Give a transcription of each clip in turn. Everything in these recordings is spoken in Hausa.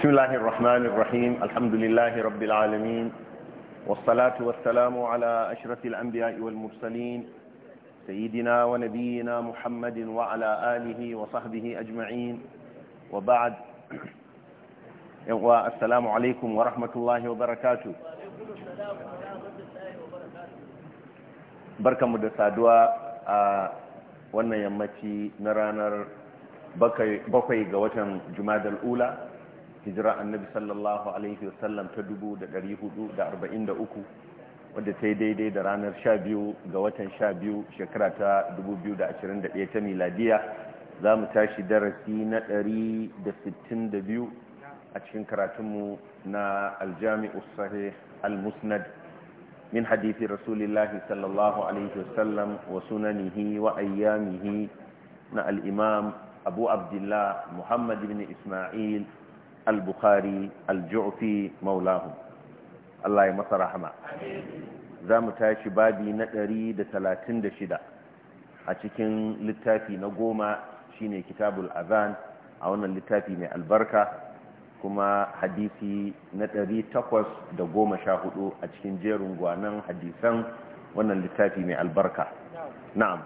بسم الله الرحمن الرحيم الحمد لله رب العالمين والصلاة والسلام على أشرف الأنبياء والمرسلين سيدنا ونبينا محمد وعلى آله وصحبه أجمعين وبعد والسلام عليكم ورحمة الله وبركاته بركة مدسادوة wannan yammaci na ranar bakwai ga watan hijira annabi sallallahu alaihi wasallam ta 443 wadda ta yi daidai da ranar 12 ga watan 12 shekara ta 2021 ta miladiya za mu tashi darasi na 162 a cikin karatunmu na aljami'u sahih al-musnad min hadithi rasulillahi sallallahu alaihi wasallam wa sunanihi wa ayyamihi na al-imam abu abdullah muhammad bin isma'il al-bukhari al-ju'fi maulahu Allah ya masa rahama za mu tashi babi na 136 a cikin littafi na goma shine kitabul azan a wannan littafi mai albarka kuma hadisi na 814 a cikin jerin gwanan hadisan wannan littafi mai albarka na'am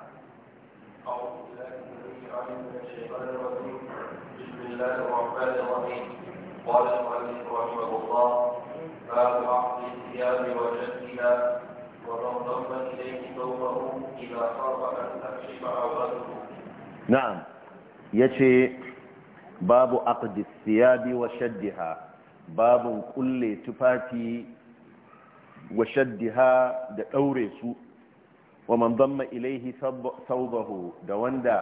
بسم الله الرحمن الرحيم قال المؤلف رحمه الله باب عقد الثياب وجدها ومن ضم اليه ثوبه اذا خاف ان تكشف عورته نعم يجي باب عقد الثياب وشدها باب كل تفاتي وشدها da daure su wa man damma ilaihi thawbahu da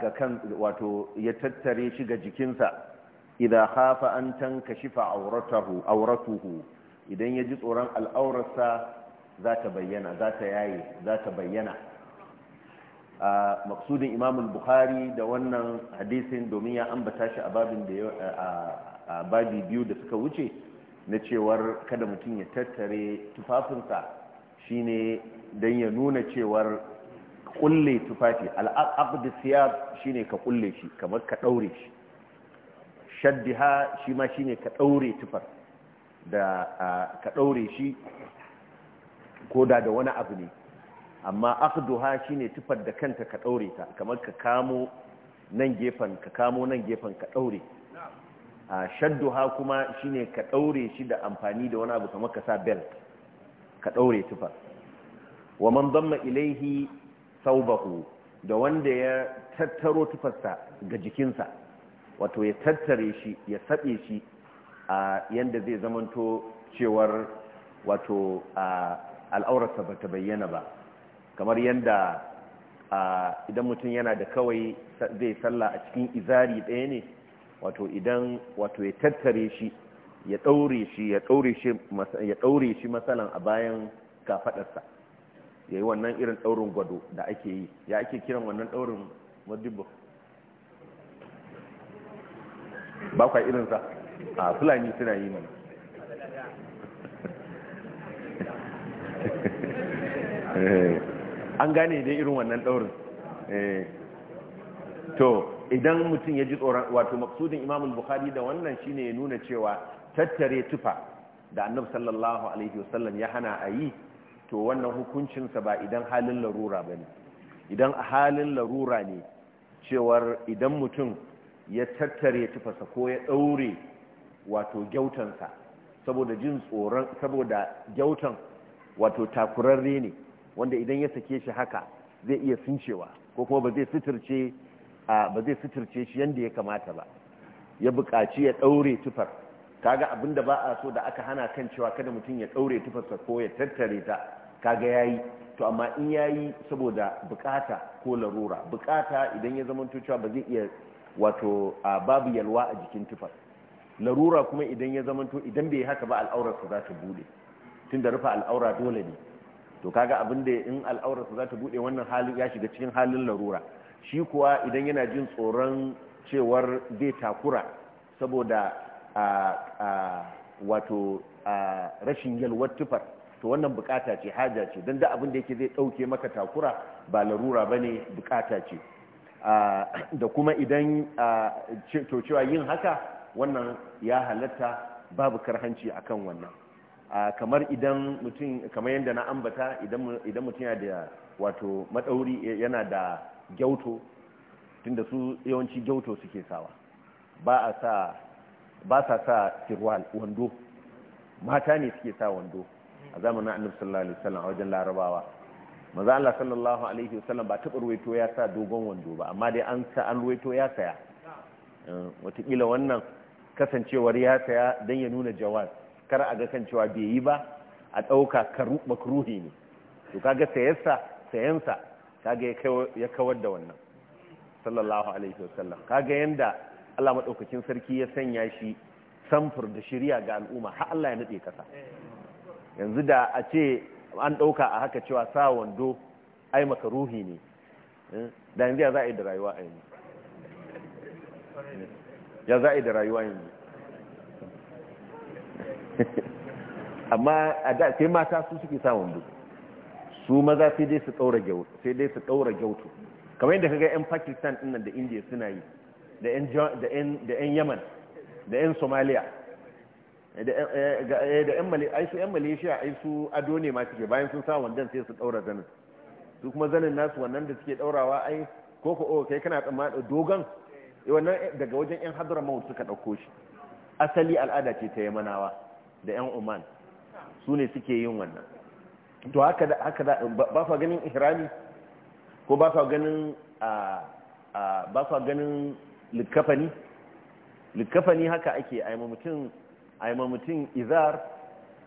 ga kan wato ya tattare shi ga jikinsa idan hafa an tankashifa auratuhu idan ya ji tsoron al'aurarsa za ta bayyana za ta yaye za ta bayyana a maksudin imamul buhari da wannan hadisin domin ya ambata shi a babin da a babi biyu da suka wuce na cewar kada mutum ya tattare tufafinsa shine don ya nuna cewar kulle tufafi al'aqd siyab shine ka kulle shi kamar ka daure shi shaddiha shi ma shine ka daure tufar da ka daure shi ko da da wani abu ne amma aqduha shine tufar da kanta ka daure ta kamar ka kamo nan gefen ka kamo nan gefen ka daure a shadduha kuma shine ka daure shi da amfani da wani abu kamar ka sa belt ka daure tufar wa man damma ilaihi saubahu da wanda ya tattaro tufarsa ga jikinsa wato ya tattare shi ya saɓe shi a yadda zai zamanto cewar wato al'aurarsa ba ta bayyana ba kamar yadda idan mutum yana da kawai zai salla a cikin izari ɗaya ne wato idan wato ya tattare shi ya ɗaure shi ya ɗaure shi matsalan a bayan kafaɗarsa ya yi wannan irin ɗaurin gwado da ake yi ya ake kiran wannan ɗaurin madibo ba kwa irinsa a fulani suna yi mana an gane dai irin wannan ɗaurin eh. to idan mutum ya ji tsoron wato maksudin imamul bukhari da wannan shine ya nuna cewa tattare tufa da annab sallallahu alaihi wasallam ya hana a yi to wannan hukuncinsa ba idan halin larura ba ne idan a halin larura ne cewar idan mutum ya tattare tufasa ko ya ɗaure wato gyautansa saboda jin tsoron saboda gyautan wato takurarre ne wanda idan ya sake shi haka zai iya sincewa ko kuma ba zai suturce ba zai suturce shi yadda ya kamata ba ya buƙaci ya ɗaure tufar kaga da ba a so da aka hana kan cewa kada mutum ya daure tufarsa ko ya tattare ta kaga yi to amma in ya yi saboda bukata ko larura bukata idan ya zama cewa ba zai iya wato babu yalwa a jikin tufar larura kuma idan ya zama to idan bai haka ba al'aurarsa za ta bude tun da rufe al'aura dole ne to kaga abin da in al'aurarsa za ta bude wannan hali ya shiga cikin halin larura shi kuwa idan yana jin tsoron cewar zai takura saboda wato rashin yalwar tufar to wannan bukata ce haja ce don da abin da yake zai ɗauke maka takura ba larura ba ne bukata ce da kuma idan to cewa yin haka wannan ya halatta babu karhanci a kan wannan kamar idan mutum kamar yadda na ambata idan mutum yana da wato maɗauri yana da gyauto tunda su yawanci gyauto suke sawa ba a sa ba sa sa sirwal wando mata ne suke sa wando a zamanin annabi sallallahu alaihi wasallam a wajen larabawa manzo Allah sallallahu alaihi wasallam ba taɓa ruwaito ya sa dogon wando ba amma dai an sa an ruwaito ya saya eh, watakila wannan kasancewar ya saya don ya nuna jawaz kar a ga kan cewa bai yi ba a ɗauka makruhi ne to kaga sayarsa sayansa kaga ya kawar da wannan sallallahu alaihi wasallam kaga yanda Allah maɗaukakin sarki ya sanya shi samfur da shirya ga al'umma har Allah ya naɗe ƙasa. yanzu da a ce an ɗauka a haka cewa sa wando ai maka ruhi ne eh, da yanzu ya za a yi da rayuwa a yanzu eh, ya za a yi da rayuwa yanzu amma a da sai mata su suke sa wando su maza sai dai su ɗaura gyautu kamar yadda kaga 'yan pakistan ɗin da indiya suna yi da 'yan yaman da 'yan somaliya da 'yan malaysia ai su ado ne ma suke bayan sun sa wandan sai su daura zanin su kuma zanin nasu wannan da suke daurawa ai ko ko o oh, kai kana tsammanin dogon eh, wannan eh, daga wajen 'yan hadramaut suka dauko shi asali al'ada ce ta yamanawa da 'yan oman su ne suke yin wannan to haka da haka da ba fa ganin ihrami ko ba fa ganin ah, ah, ba fa ganin likafani likafani haka ake aima mutum aima izar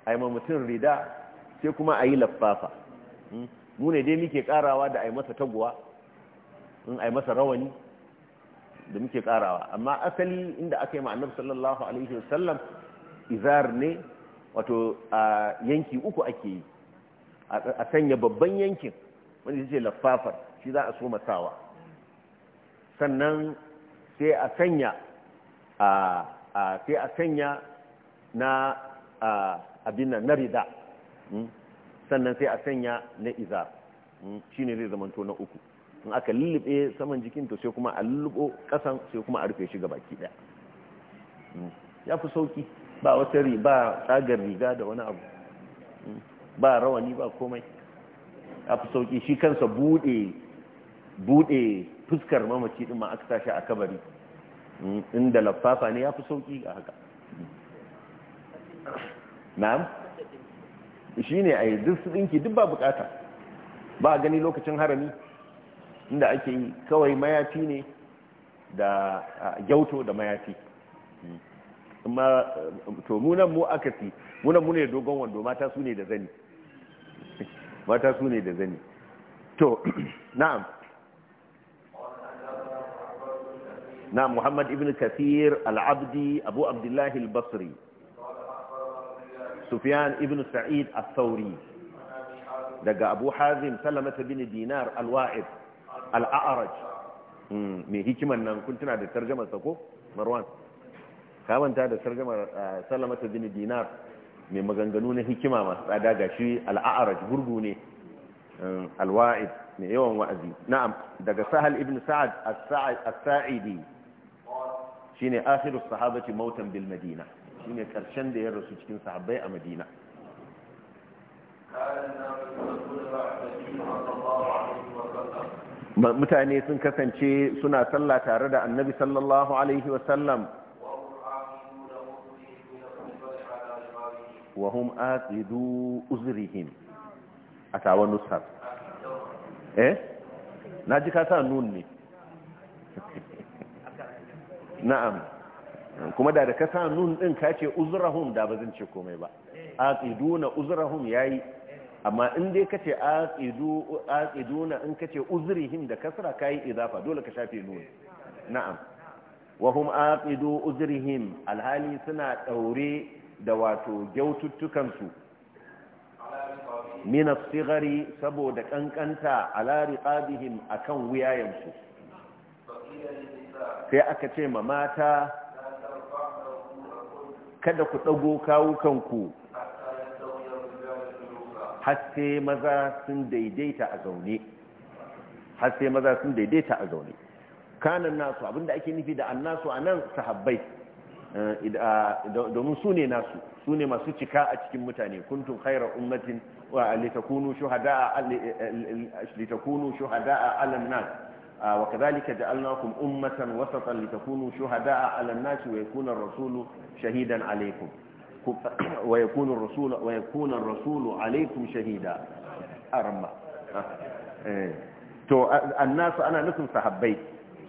aima mutum rida sai kuma ayi laffafa hmm? mu ne dai muke karawa da ai masa taguwa hmm, in masa rawani da muke karawa amma asali inda aka yi ma annabi sallallahu alaihi wasallam izar ne wato a yanki uku ake yi a sanya babban yankin wanda yake laffafar shi za a so masawa sannan sai a sanya sai a sanya na abin nan na rida hmm? sannan sai a sanya na izar hmm? shine zai zamanto na uku in aka lullube saman jikin to sai kuma a lullubo kasan sai kuma a rufe shi ga baki daya hmm? ya fi sauki ba wata riba tsagar riga da wani abu ba rawani ba komai ya fi sauki shi kansa bude bude fuskar mamaci din ma aka tashi a kabari mm, inda lafafa ne ya fi sauki a haka na'am shi ne a yi duk su ɗinki duk ba bukata ba a gani lokacin harami inda ake yi kawai mayafi ne da gyauto da mayafi mm. amma to munan mu aka fi munan mu ne dogon wando mata su ne da zani mata su ne da zani to na'am na muhammad ibn kathir al-abdi abu Abdullahi al-basri sufyan ibn sa'id al-thawri daga abu hazim salamata bin dinar al-wa'id al aaraj mai hmm, hikiman nan kun tuna da tarjamar sako marwan ka manta da tarjamar eh, salamata bin dinar mai maganganu na hikima masu tsada shi al aaraj gurgu ne hmm, al-wa'id mai yawan wa'azi na'am daga sahal ibn sa'ad as-sa'idi shine akhirus sahabati mautan bil madina shine karshen da ya rasu cikin sahabbai a madina mutane sun kasance suna sallah tare da annabi sallallahu alaihi wasallam wa aqidu uzrihim a tawon nusar eh na ji ka sa nun ne na'am kuma da da ka sa nun din ka ce uzrahum da ba ce komai ba aqiduna uzrahum yayi amma in dai ka ce aqidu aqiduna in ka ce uzrihim da kasra kai idafa dole ka shafe nun na'am wa hum aqidu uzrihim alhali suna daure da wato gyaututtukan su min as saboda kankanta ala riqabihim akan wuyayansu sai aka ce ma mata kada ku ɗago kanku hasse maza sun daidaita a zaune haske maza sun daidaita a zaune kanan nasu abinda ake nufi da annasu a nan sahabbai eh, domin su ne nasu su ne masu cika a cikin mutane kuntun khairar ummatin litakunu a alan nas wa kadhalika ja'alnakum ummatan wasatan litakunu shuhada'a 'ala an-nasi wa yakuna ar-rasulu shahidan rasulu wa yakuna ar-rasulu 'alaykum shahida arma to annasu ana nufin sahabbai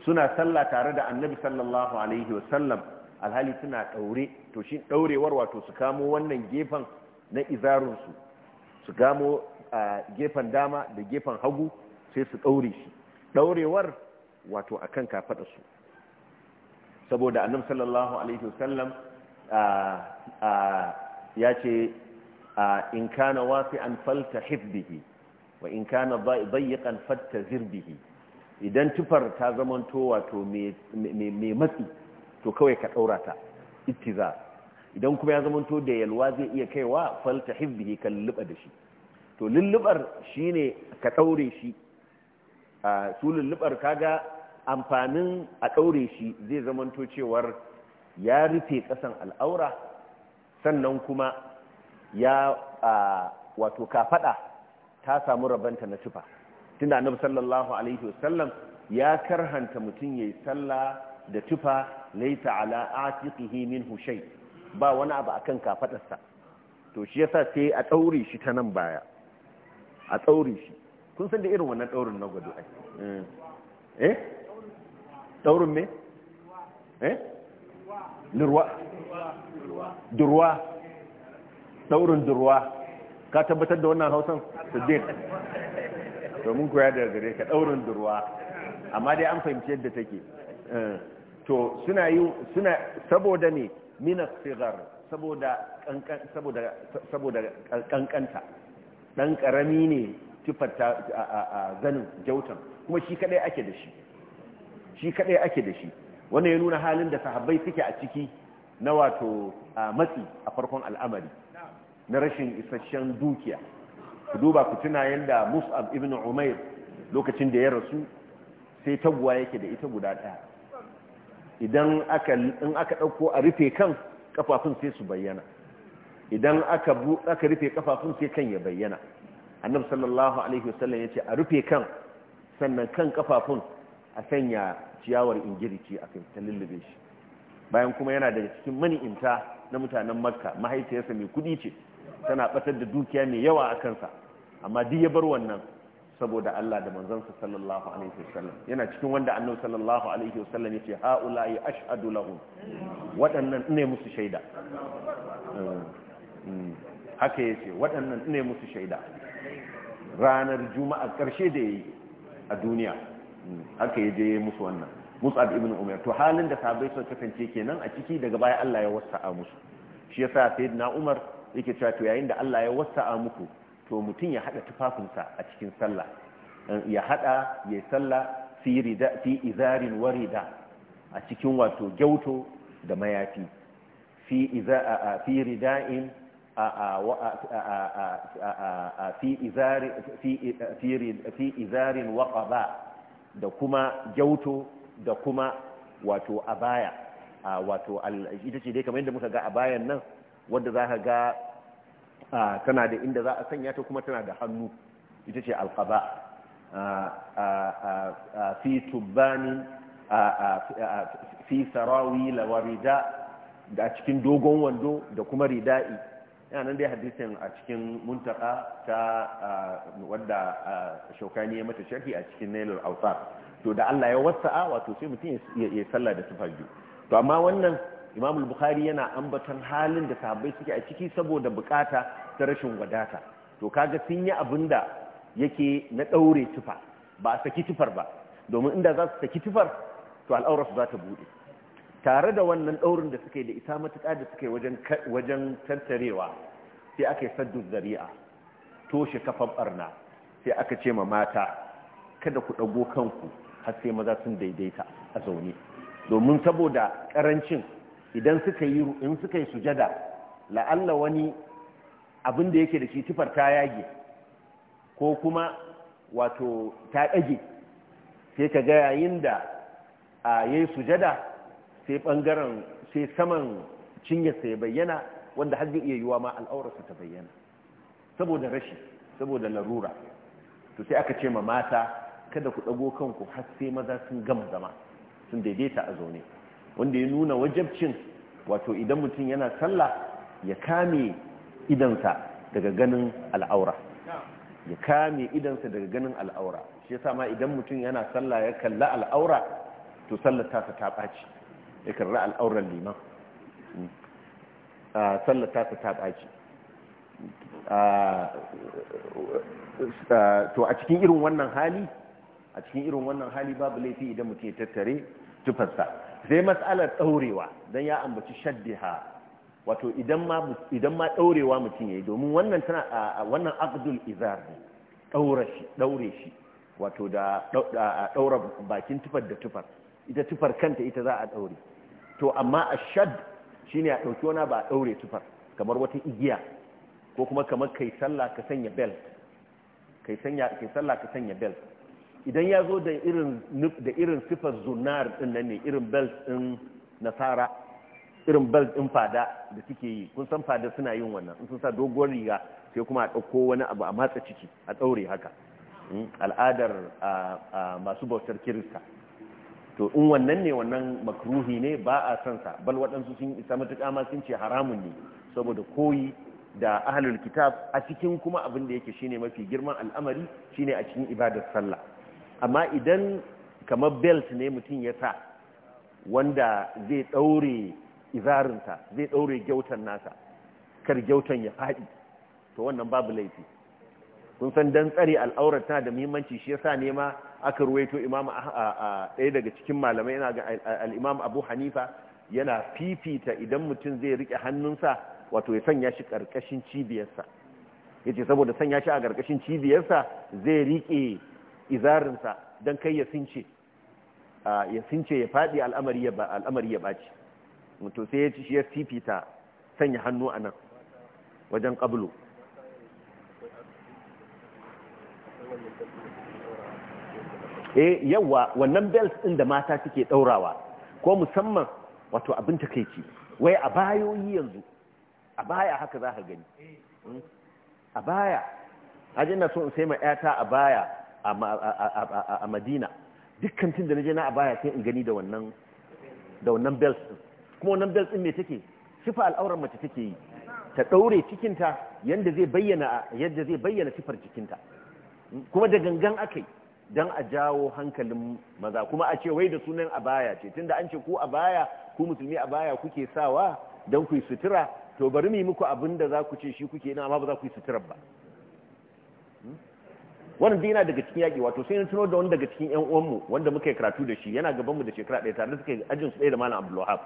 suna sallah tare da annabi sallallahu alaihi wasallam alhali suna daure to shi daurewar wato su kamo wannan gefen na izarinsu su gamo gefen dama da gefen hagu sai su daure shi daurewar wato akan kafada su saboda annabi sallallahu alaihi wasallam ya ce in kana wasi'an faltahif hifbihi wa in kana dayiqan fatta zirbihi idan tufar ta zamanto wato mai matsi to kawai ka daura ta ittiza idan kuma ya zamanto da yalwa zai iya kaiwa falta hifbihi kan lulluɓa da shi to lullubar shine ka daure shi su lulluɓar kaga amfanin a ɗaure shi zai zamanto cewar ya rufe ƙasan al'aura sannan kuma ya wato kafaɗa ta samu rabanta na tufa tunda annabi sallallahu alaihi wasallam ya karhanta mutum ya yi sallah da tufa laisa ala atiqihi min hushai. ba wani abu akan kafadarsa to shi yasa sai a ɗaure shi ta nan baya a ɗaure shi kun san da irin wannan daurin na gado ai eh daurin me eh durwa durwa daurin durwa ka tabbatar da wannan hausan siddiq to mun koya da gare ka daurin durwa amma dai an fahimci yadda take eh. to suna yi suna saboda ne minas sigar saboda kankanta dan karami ne a zanin jautan kuma shi kadai ake da shi shi kadai ake da shi wannan ya nuna halin da sahabbai suke a ciki na wato matsi a farkon al'amari na rashin isasshen dukiya ku duba ku tuna yadda mus'ab ibn umair lokacin da ya rasu sai taguwa yake da ita guda ɗaya idan aka in aka ɗauko a rufe kan kafafun sai su bayyana idan aka rufe kafafun sai kan ya bayyana annabi sallallahu alaihi wasallam yace a rufe kan sannan kan kafafun a sanya ciyawar ingirici a kan ta lullube shi bayan kuma yana daga cikin mani'inta na mutanen makka mahaifiyarsa mai kudi ce tana batar da dukiya mai yawa a kansa amma duk ya bar wannan saboda Allah da manzansa sallallahu alaihi wasallam yana cikin wanda annabi sallallahu alaihi wasallam yace haula'i ashhadu lahum waɗannan ne musu shaida eh, hmm. haka yace waɗannan ne musu shaida ranar juma'a karshe da yi a duniya haka je musu wannan musu ibn umar to halin da sahabbai sun kasance kenan a ciki daga baya Allah ya wasa a musu shi yasa sayyidina umar yake cewa to yayin da Allah ya wasa a muku to mutum ya haɗa tufafinsa a cikin sallah ya haɗa ya sallah fi rida fi izarin warida a cikin wato gyauto da mayafi fi iza fi rida'in fi izarin ba da kuma gyauto da kuma wato abaya wato ita ce dai kamar yadda muka ga abayan nan wadda za ka ga tana da inda za a sanya ta kuma tana da hannu ita ce alƙaba fi tubbani fi sarawi lawarida da cikin dogon wando da kuma rida'i yana nan dai hadisin a cikin muntaka ta wadda shaukani ya mata sharhi a cikin Nailar autar to da Allah ya wasa'a wato sai mutum ya sallah da tufa to amma wannan Imamul bukhari yana ambaton halin da sahabbai suke a ciki saboda bukata ta rashin wadata to kaga sun yi abinda yake na ɗaure tufa ba a saki tufar ba domin inda za su saki tufar to al'aurar su za ta buɗe. tare da wannan ɗaurin da suke da ita matuƙa da suke wajen tattarewa sai aka yi saddu zari'a toshe kafan ɓarna sai aka ce ma mata kada ku ɗago kanku har sai maza sun daidaita a zaune domin saboda ƙarancin idan suka yi in suka yi sujada la'alla wani abin da yake da shi tufar ta yage ko kuma wato ta ɗage sai ka ga yayin da a yayi sujada sai bangaren sai saman cinyarsa ya bayyana wanda har zai iya yiwa ma al'aurarsa ta bayyana saboda rashi saboda larura to sai aka ce ma mata kada ku ɗago kanku har sai maza sun gama zama sun daidaita a zaune wanda ya nuna wajabcin wato idan mutum yana sallah ya kame idansa daga ganin al'aura ya kame idansa daga ganin al'aura shi yasa ma idan mutum yana sallah ya kalla al'aura to sallar ta ta ɓaci ya karra al'auran liman ah, sallar ta ta ɓaci ah, ah, to a cikin irin wannan hali a cikin irin wannan hali babu laifi idan mutum ya tattare tufarsa sai matsalar ɗaurewa don ya ambaci shaddiha wato idan ma ɗaurewa mutum ya yi domin wannan tana a wannan abdul izar ne ɗaure shi wato da ɗaura bakin tufar da tufar ita tufar kanta ita za a ɗaure to amma ashad shine a ɗauki wani ba a ɗaure tufar kamar wata igiya ko kuma kamar kai sallah ka sanya belt kai sanya kai sallah ka sanya belt idan ya zo da irin da irin sifar zunar din nan ne irin belt din nasara irin belt din fada da suke yi kun san fada suna yin wannan in sun sa doguwar riga sai kuma a ɗauko wani abu a matsa ciki a ɗaure haka hmm, al'adar masu bautar kirista to in wannan ne wannan makruhi ne ba a son sa bal waɗansu sun isa matuƙa ma sun ce haramun ne saboda koyi da ahlul kitab a cikin kuma abin da yake shine mafi girman al'amari shine a cikin ibadar sallah amma idan kamar belt ne mutum ya sa wanda zai ɗaure izarinsa zai ɗaure gyautan nasa kar gyautan ya faɗi to wannan babu laifi kun san dan tsare al'aurar tana da muhimmanci shi yasa ne ma aka ruwaito imam a ɗaya daga cikin malamai yana ga al'imam Abu Hanifa yana fifita idan mutum zai rike hannunsa wato ya sanya shi ƙarƙashin cibiyarsa ce saboda sanya shi a ƙarƙashin cibiyarsa zai rike izarinsa don kai ya since ya since ya fadi al'amari ya al'amari mutum sai ya ci shi ya fifita sanya hannu a nan wajen qablu e eh, yawa wannan belt din da mata suke daurawa ko musamman wato abin takeici wai a bayoyi yanzu a baya haka za ka gani hmm? a baya hajji na so in sai ma yata a baya a madina dukkan tun da na je na a baya sai in gani da wannan belt din kuma wannan belt din ne take sifa al'auran mace take yi ta daure cikinta yadda zai bayyana sifar cikinta kuma da gangan aka yi don a jawo hankalin maza kuma a ce wai da sunan abaya ce tunda an ce ku abaya ku musulmi abaya kuke sawa don ku yi sutura to bari mu yi muku abinda da za ku ce shi kuke ina amma ba za ku yi suturar ba wannan dina daga cikin yaƙi wato sai na tuno da wani daga cikin ƴan uwanmu wanda muka karatu da shi yana gabanmu da shekara ɗaya tare da suka yi ajin su ɗaya da malam abdulwahab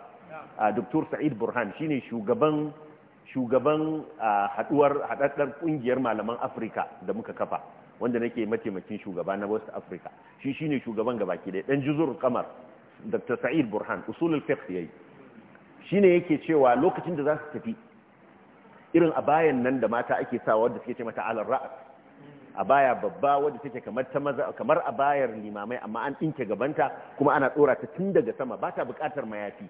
a doktor sa'id burhan shine shugaban shugaban haɗuwar haɗaɗɗar kungiyar malaman afirka da muka kafa wanda nake mataimakin shugaba na West Africa shi shine shugaban gabaki dai dan juzur kamar Dr. Sa'id Burhan usulul fiqh yayi shine yake cewa lokacin da za su tafi irin abayan nan da mata ake sawa wanda suke ce mata alar ra'as abaya babba wanda take kamar ta maza kamar abayar limamai amma an dinke gabanta kuma ana dora ta tun daga sama ba ta bukatar mayafi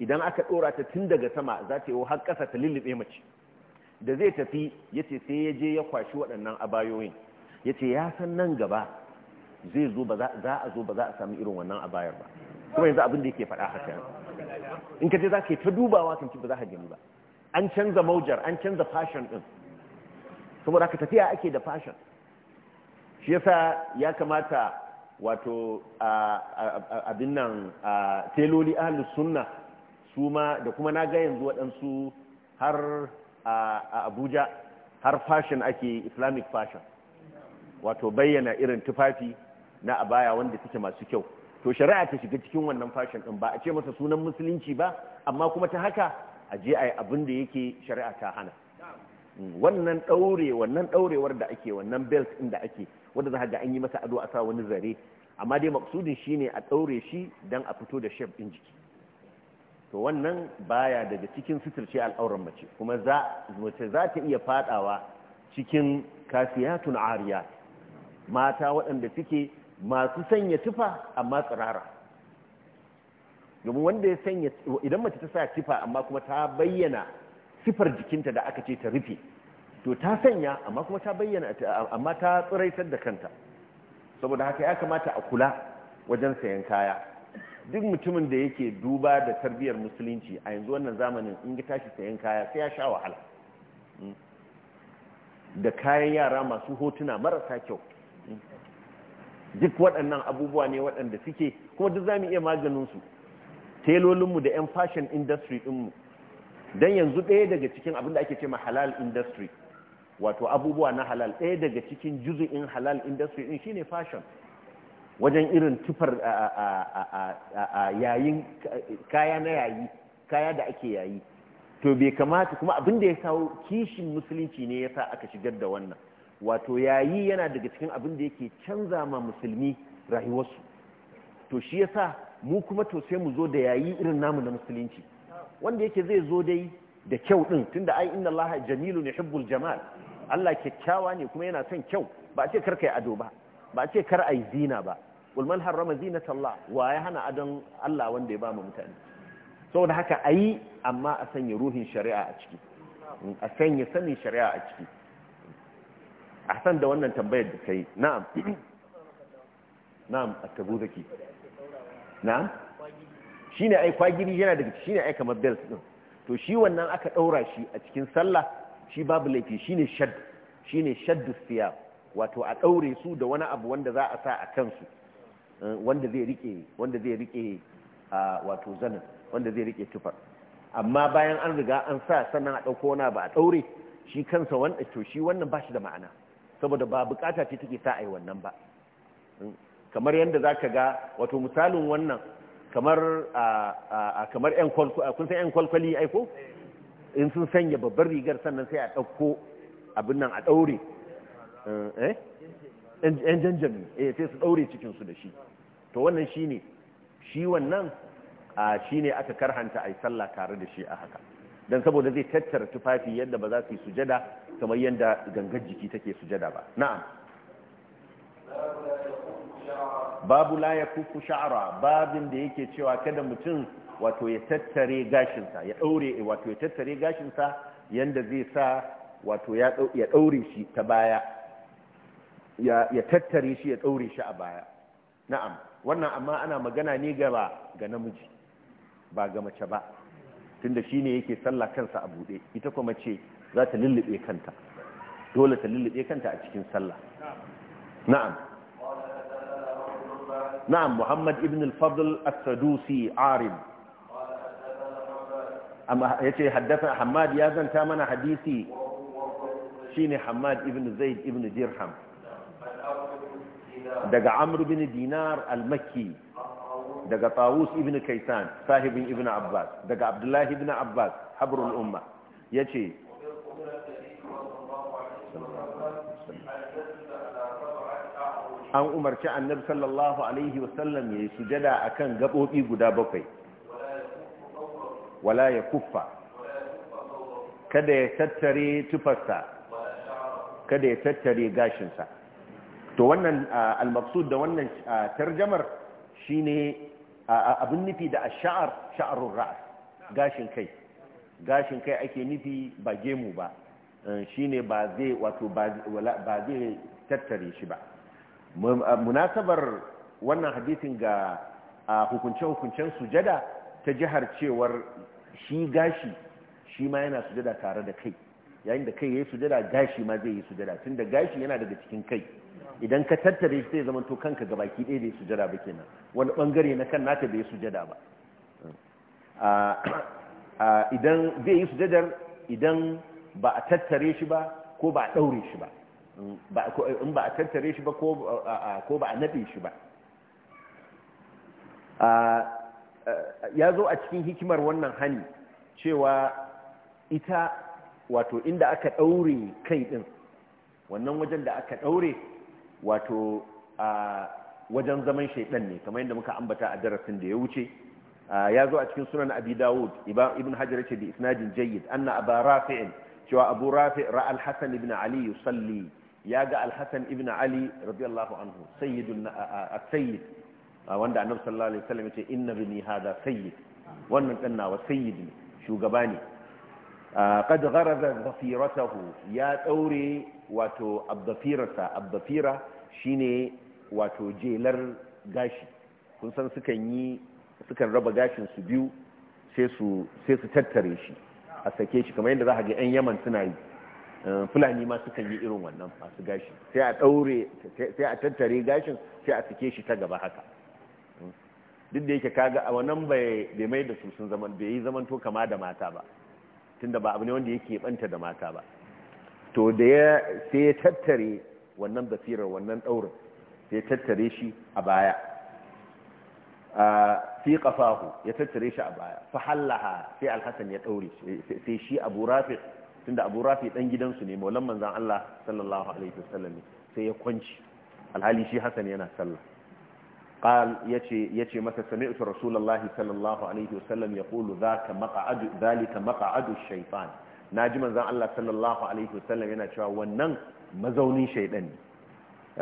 idan aka dora ta tun daga sama za ta yi har kasa ta lullube mace da zai tafi yace sai ya je ya kwashi waɗannan abayoyin ya ce ya san nan gaba zai zo ba za a zo ba za a sami irin wannan a bayar ba kuma yanzu abin da yake faɗa haka in ka je za ka yi ta dubawa kan ci ba za ka gani ba an canza maujar an canza fashion din saboda ka tafiya ake da fashion shi yasa ya kamata wato abin nan teloli ahlus sunna su ma da kuma na ga yanzu waɗansu har a abuja har fashion ake islamic fashion wato bayyana irin tufafi na abaya wanda take masu kyau to shari'a ta shiga cikin wannan fashion din ba a ce masa sunan musulunci ba amma kuma ta haka a je a yi abin da yake shari'a ta hana mm, wannan daure wannan daurewar da ake wannan belt din da ake wanda za ga an yi masa ado a sa wani zare amma dai maksudin shine a ɗaure shi dan a fito da shef ɗin jiki to wannan baya daga cikin suturce al'auran mace kuma za mace za ta iya faɗawa cikin kafiyatun ariyat mata waɗanda suke masu sanya tufa amma tsirara domin wanda ya sanya idan mace ta sa tufa amma kuma ta bayyana sifar jikinta da aka ce ta rufe to ta sanya amma kuma ta bayyana amma ta tsiraitar da kanta saboda haka ya kamata a kula wajen sayan kaya duk mutumin da yake duba da tarbiyyar musulunci a yanzu wannan zamanin in ga tashi sayan kaya sai ya sha wahala hmm. da kayan yara masu hotuna marasa kyau duk waɗannan abubuwa ne waɗanda suke kuma duk za mu iya maganinsu telolinmu da 'yan fashion industry ɗinmu don yanzu ɗaya daga cikin abin da ake ce ma halal industry wato abubuwa na halal ɗaya daga cikin juzu'in halal industry ɗin shine fashion wajen irin tufar a yayin kaya na yayi kaya da ake yayi to bai kamata kuma abinda ya kawo kishin musulunci ne ya sa aka shigar da wannan wato yayi yana daga cikin abin da yake canza ma musulmi rayuwarsu to shi yasa mu kuma to sai mu zo da yayi irin namu na musulunci wanda yake zai zo dai da kyau din tunda ai inna Jamilu jamilun yuhibbul jamal Allah kyakkyawa ne kuma yana son kyau ba a ce kar kai ado ba ba a ce kar ai zina ba Ulman man harrama zinata Allah wa ya hana adon Allah wanda ya ba mu mutane saboda haka ayi amma a sanya ruhin shari'a a ciki a sanya sanin shari'a a ciki ahsan da wannan tambayar da kai na'am na'am attabu zaki na'am shine ai kwagiri yana daga shine ai kamar bells din to shi wannan aka daura shi a cikin sallah shi babu laifi shine shadd shine shaddu siya wato a daure su da wani abu wanda za a sa a kansu eh, wanda zai rike wanda zai rike wato zanin wanda zai rike tufar amma bayan an riga an sa sannan a dauko wani abu a daure shi kansa wanda to shi wannan bashi da ma'ana saboda ba bukata ce take sa ai wannan ba hmm. kamar yadda zaka ga wato misalin wannan kamar a kamar yan kwalkwali kun san ɗan kwalkwali aiko eh. in sun sanya babbar rigar sannan sai a ɗauko abin nan a ɗaure yan eh? Eh? janjami eh sai su ɗaure cikinsu da shi to wannan shi ne shi wannan shi ne aka karhanta a yi sallah tare da shi a haka dan saboda zai tattara tufafi yadda ba za su yi sujada kamar yadda gangar jiki take sujada ba na'am babu la ya kuku sha'ara babin da yake cewa kada mutum wato ya tattare gashinsa ya daure wato ya tattare gashinsa yanda zai sa wato ya daure shi ta baya ya tattare shi ya daure shi a baya na'am wannan amma ana magana ne gaba ga namiji ba ga mace ba tunda shi ne yake sallah kansa a buɗe ita kuma ce za ta lullube kanta dole ta lullube kanta a cikin sallah na'am na'am Muhammad ibn al-Fadl as-Sadusi arim amma yace haddatha Hamad ya zanta mana hadisi shine Hamad ibn Zaid ibn Dirham daga Amr ibn Dinar al-Makki daga tawus ibn kaisan sahibin ibn abbas daga abdullahi ibn abbas habrul umma ya ce an umarci annabi sallallahu alaihi wasallam ya yi sujada a kan gaɓoɓi guda bakwai wala ya kuffa kada ya tattare tufarsa kada ya tattare gashinsa to wannan al-maqsud da wannan tarjamar shine abin nufi da sha'ar sha'arun ra'as gashin kai gashin kai ake nufi ba gemu ba eh, ne ba zai wato ba zai tattare shi ba munasabar wannan hadisin ga hukunce-hukuncen sujada ta jihar cewar shi gashi shi ma yana sujada tare da kai yayin da kai ya yi sujada gashi ma zai yi sujada tun da gashi yana daga cikin kai idan ka tattare shi sai zama to kanka ga baki ɗaya bai sujada ba kenan wani bangare na kan nata bai sujada ba idan zai yi sujadar idan ba a tattare shi ba ko ba a ɗaure shi ba in ba a tattare shi ba ko ba a naɗe shi ba ya zo a cikin hikimar wannan hani cewa ita wato inda aka ɗaure kai ɗin wannan wajen da aka ɗaure wato a wajen zaman shaiɗan ne kamar yadda muka ambata a darasin da ya wuce ya zo a cikin sunan abi dawud ibn hajar ce da isnadin jayyid anna aba rafi'in cewa abu rafi' ra Alhassan ibn ali yusalli ya ga Alhassan ibn ali radiyallahu anhu sayyidun as-sayyid wanda annabi sallallahu alaihi wasallam yace inna bini hada sayyid wannan dan nawa ne, shugaba ne qad gharaza dhafiratahu ya daure wato abdafirasa abdafira shine wato jelar gashi kun san sukan yi sukan raba gashin su biyu sai su tattare shi a sake shi kamar yadda za a ga yan yaman suna yi eh, fulani ma sukan yi irin wannan masu gashi sai a daure sai a tattare gashin sai a sake shi ta gaba haka hmm. duk da yake kaga a wannan bai bai mai da su sun zaman bai yi zaman to kama da mata ba tunda ba abu ne wanda yake banta da mata ba to da ya sai ya tattare wannan basirar wannan daurin sai tattare shi a baya fi qafahu ya tattare shi a baya fa hallaha sai Alhassan ya daure sai shi abu rafi tunda abu rafi ɗan gidansu ne maulan manzon Allah sallallahu alaihi wasallam sai ya kwanci alhali shi Hassan yana sallah قال يتي يتي متى سمعت رسول الله صلى الله عليه وسلم يقول ذاك مقعد ذلك مقعد الشيطان ناجي من الله صلى الله عليه وسلم yana cewa wannan mazaunin shaidan ne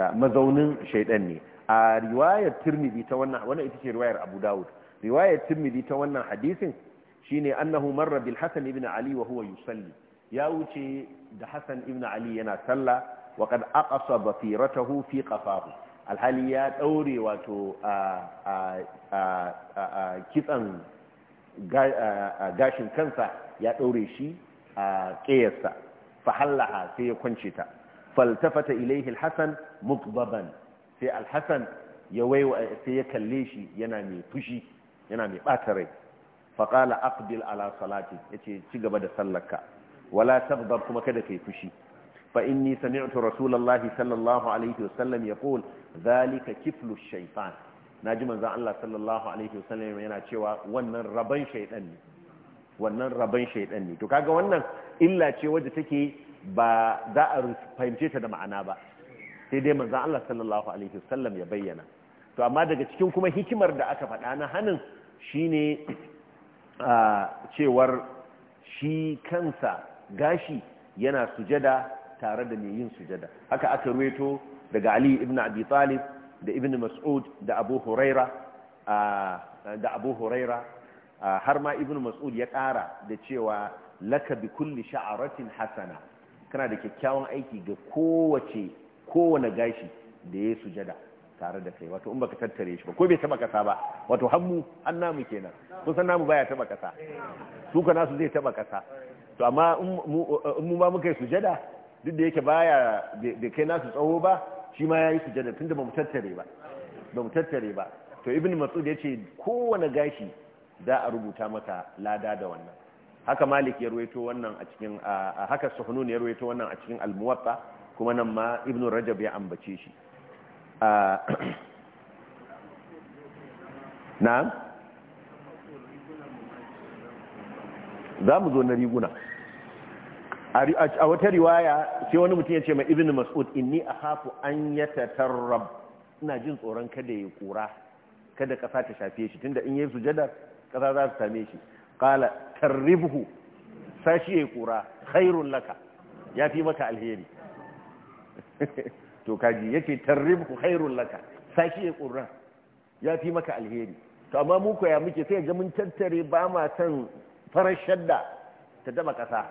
ah, mazaunin shaidan ne a riwayar tirmidhi ta wannan wannan ita ce riwayar abu dawud riwayar tirmidhi ta wannan hadisin shine annahu marra bil hasan ibn ali wa huwa yusalli ya wuce da hasan ibn ali yana sallah wa qad aqasa basiratahu fi qafahu alhali ya daure wato a kitsan gashin kansa ya daure shi a fa fahallaha sai ya kwance ta faltafata ilaihil Hassan mughdaban sai AlHassan ya waiwa sai ya kalle shi yana mai fushi yana mai ɓata rai faqala aqbil ala salati yace ci gaba da sallaka wala taghdab kuma kada kai fushi fa inni sami'tu rasulullahi sallallahu alaihi wasallam yaqul dhalika kiflu ash-shaytan naji manzon Allah sallallahu alaihi wasallam yana cewa wannan raban shaytan ne wannan rabon shaytan ne to kaga wannan illa ce wadda take ba za a fahimce ta da ma'ana ba sai dai manzan Allah sallallahu alaihi wasallam ya bayyana to amma daga cikin kuma hikimar da aka faɗa na hannun shine cewar shi kansa gashi yana sujada tare da mai yin sujada haka aka ruweto daga Ali ibn Abi Talib da ibn Mas'ud da Abu Huraira da Abu Huraira har ma ibn Mas'ud ya ƙara da cewa laka bi kulli sha'aratin hasana kana da kyakkyawan aiki ga kowace kowane gashi da ya sujada tare da kai wato in baka tattare shi ba ko bai taba kasa ba wato hannu an namu kenan kusan namu baya taba kasa su ka nasu zai taba kasa to amma in mu ba muka yi sujada duk da yake baya da kai nasu tsawo ba shi ma ya yi sujada tun da mu tattare ba ba tattare ba to ibn mas'ud ce kowane gashi za a rubuta maka lada da wannan haka malik ya ruwaito wannan a cikin haka suhunun ya ruwaito wannan a cikin almuwatta kuma nan ma ibnu rajab ya ambace shi na za mu zo na riguna a wata riwaya sai wani mutum ya ce mai ibnu mas'ud inni akhafu an yatatarrab ina jin tsoron kada ya kura kada kasa ta shafe shi tunda in yayi sujada kasa za ta same shi qala tarribhu sashi ya kura khairun laka ya fi maka alheri to kaji yake tarribhu khairun laka sashi ya kura ya fi maka alheri to amma mu ko ya muke sai ga mun tattare ba ma san farar shadda ta daba kasa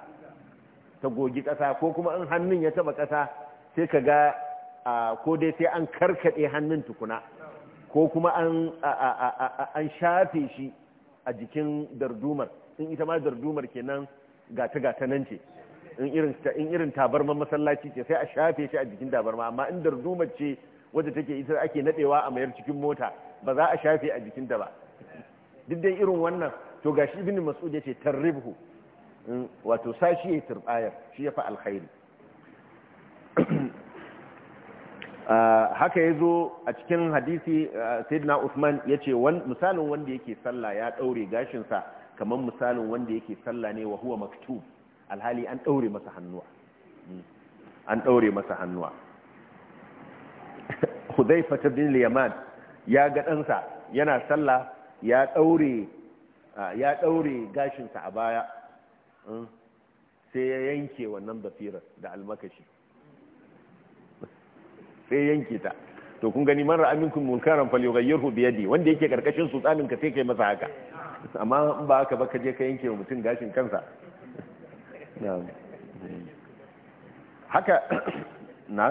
ta gogi kasa ko kuma an hannun ya taba kasa sai ka ga ko dai sai an karkade hannun tukuna ko kuma an shafe shi a jikin dardumar in ita ma dardumar kenan gata gata nan ce in irin tabarman masallaci ce sai a shafe shi a jikin tabarma amma in dardumar ce wadda take ita ake nadewa a mayar cikin mota ba za a shafe a jikin ta ba duk dai irin wannan to gashi ibn mas'ud yace tarribhu mm, wato sashi ya turbayar shi ya fa alkhairi haka ya zo a cikin hadisi sayyidina Usman ya ce misalin wanda yake sallah ya ɗaure gashinsa kamar misalin wanda yake sallah ne wa huwa maktub alhali an ɗaure masa hannuwa hmm. an ɗaure masa hannuwa hudaifa ta bin liyaman ya ga ɗansa yana sallah ya ɗaure ya gashinsa a baya hmm. sai ya yanke wannan basirar da almakashi sai yanke ta to kun gani man ra'a munkaran falyughayyirhu bi yadi wanda yake karkashin sultanin ka sai kai masa haka amma in ba haka ba ka je ka yanke wa mutum gashin kansa haka na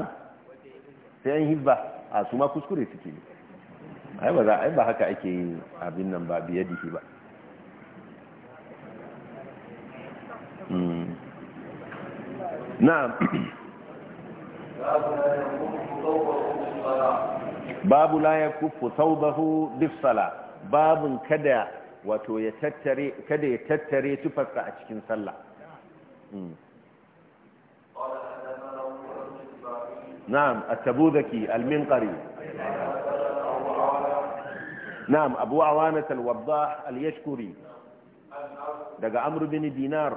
sai an hizba a su ma kuskure suke ne ai ba za ai ba haka ake abin nan ba biye dishi ba hmm. na'am babu la ya kufu saubahu bisala babun kada wato ya tattare kada ya tattare tufarsa a cikin sallah na'am at-tabudaki al-minqari na'am abu awana al-waddah al-yashkuri daga amr bin dinar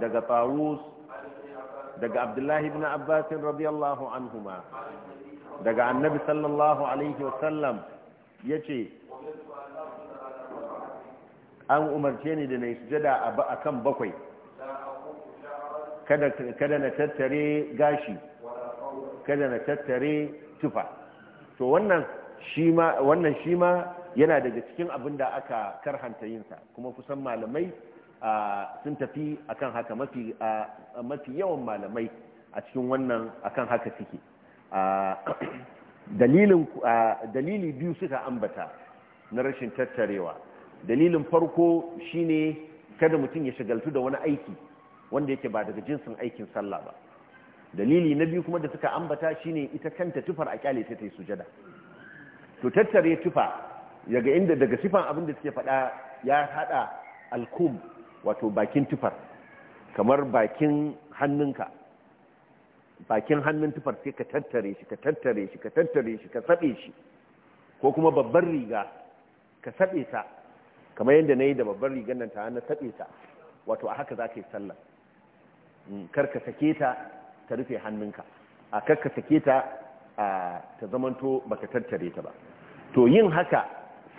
daga tawus daga abdullahi ibn abbas radiyallahu anhuma daga annabi sallallahu alaihi wasallam yace an umarce ni da na sujada a kan bakwai kada na tattare gashi kada na tattare tufa to wannan shi ma yana daga cikin abin da aka karhanta yinsa kuma kusan malamai sun tafi akan haka mafi yawan malamai a cikin wannan akan haka suke dalilin biyu suka ambata na rashin tattarewa dalilin farko shine kada mutum ya shagaltu da wani aiki wanda yake ba daga jinsin aikin sallah ba dalili na biyu kuma da suka ambata shine ita kanta tufar a kyale ta yi sujada to tattare tufa yaga inda daga sifan abin da suke faɗa ya haɗa alkum wato bakin tufar kamar bakin hannunka bakin hannun tufar sai ka tattare shi ka tattare shi ka tattare shi ka saɓe shi ko kuma babbar riga ka saɓe sa kamar yadda na yi da babbar riga nan ta na saɓe sa wato a haka za ka yi sallar mm, kar ka sake ta ta rufe hannunka a kar ka sake ta ta zamanto ka tattare ta ba to yin haka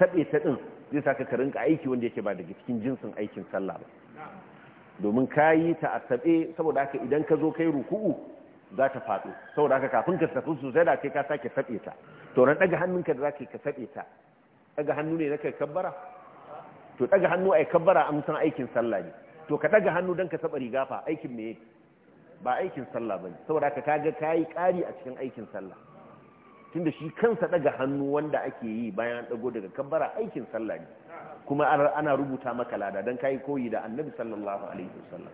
saɓe ta ɗin zai sa ka rinka aiki wanda yake ba daga cikin jinsin aikin sallah ba domin ka yi ta a asabe saboda haka idan ka zo kai ruku'u za ta faɗo saboda haka kafin ka tafi sosai da kai ka sake saɓe ta to ran ɗaga hannunka da za ka yi ka saɓe ta ɗaga hannu ne na kai kabbara to ɗaga hannu ai kabbara amsan aikin sallah ne to ka ɗaga hannu don ka taɓa riga fa aikin me ba aikin sallah ba ne saboda haka kaga ka yi ƙari a cikin aikin sallah tunda shi kansa daga hannu wanda ake yi bayan dago daga kabbara aikin sallah ne kuma ana rubuta maka lada dan kai koyi da annabi sallallahu alaihi wasallam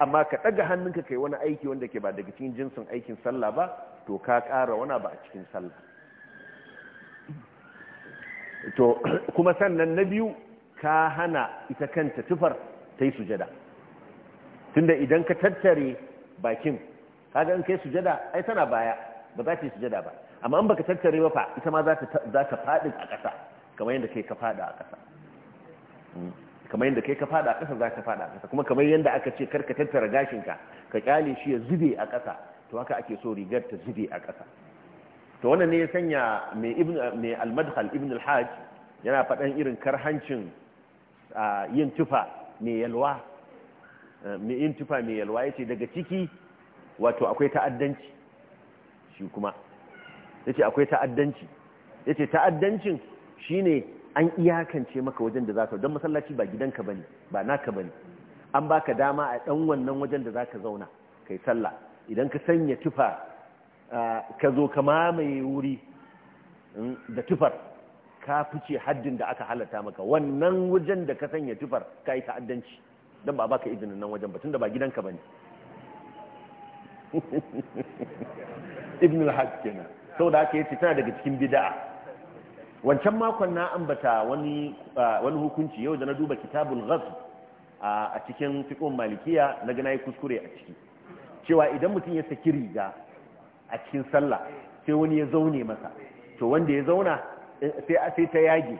amma ka daga hannunka kai wani aiki wanda ke ba daga cikin jinsin aikin sallah ba to ka ƙara wani ba a cikin sallah to kuma sannan na biyu ka hana ita kanta tufar ta yi sujada tunda idan ka tattare bakin kaga in kai sujada ai tana baya ba za ta yi sujada ba amma an baka tattare ba fa ita ma za ta faɗi a ƙasa kamar yadda kai ka faɗi a ƙasa mm. kamar yadda kai ka faɗi a ƙasa za ka faɗi a ƙasa kuma kamar yadda aka ce karka tattara gashinka ka kyale shi ya zube a ƙasa to haka ake so rigar ta zube a ƙasa to wannan ne ya sanya mai ibn mai al ibn al-hajj yana faɗan irin karhancin yin tufa mai yalwa eh, mai yin tufa mai yalwa yace daga ciki wato akwai ta'addanci shi kuma yace akwai ta'addanci yace ta'addancin shine an iyakance maka wajen da zaka don masallaci ba gidanka bane ba naka bane an baka dama a dan wannan wajen da zaka zauna kai sallah idan ka sanya tufa ka zo ka mamaye wuri mm, da tufar ka fice haddin da aka halatta maka wannan wajen da ka sanya tufar ka yi ta'addanci don ba baka izinin nan wajen tun da ba gidanka bane ibn al Sau saboda yi yace tana daga cikin bida'a. wancan makon na ambata wani hukunci yau da na duba kitabun gas a cikin malikiya na ga nayi kuskure a ciki cewa idan mutum ya saki riga a cikin sallah sai wani ya zaune masa to wanda ya zauna eh, sai sai ta yage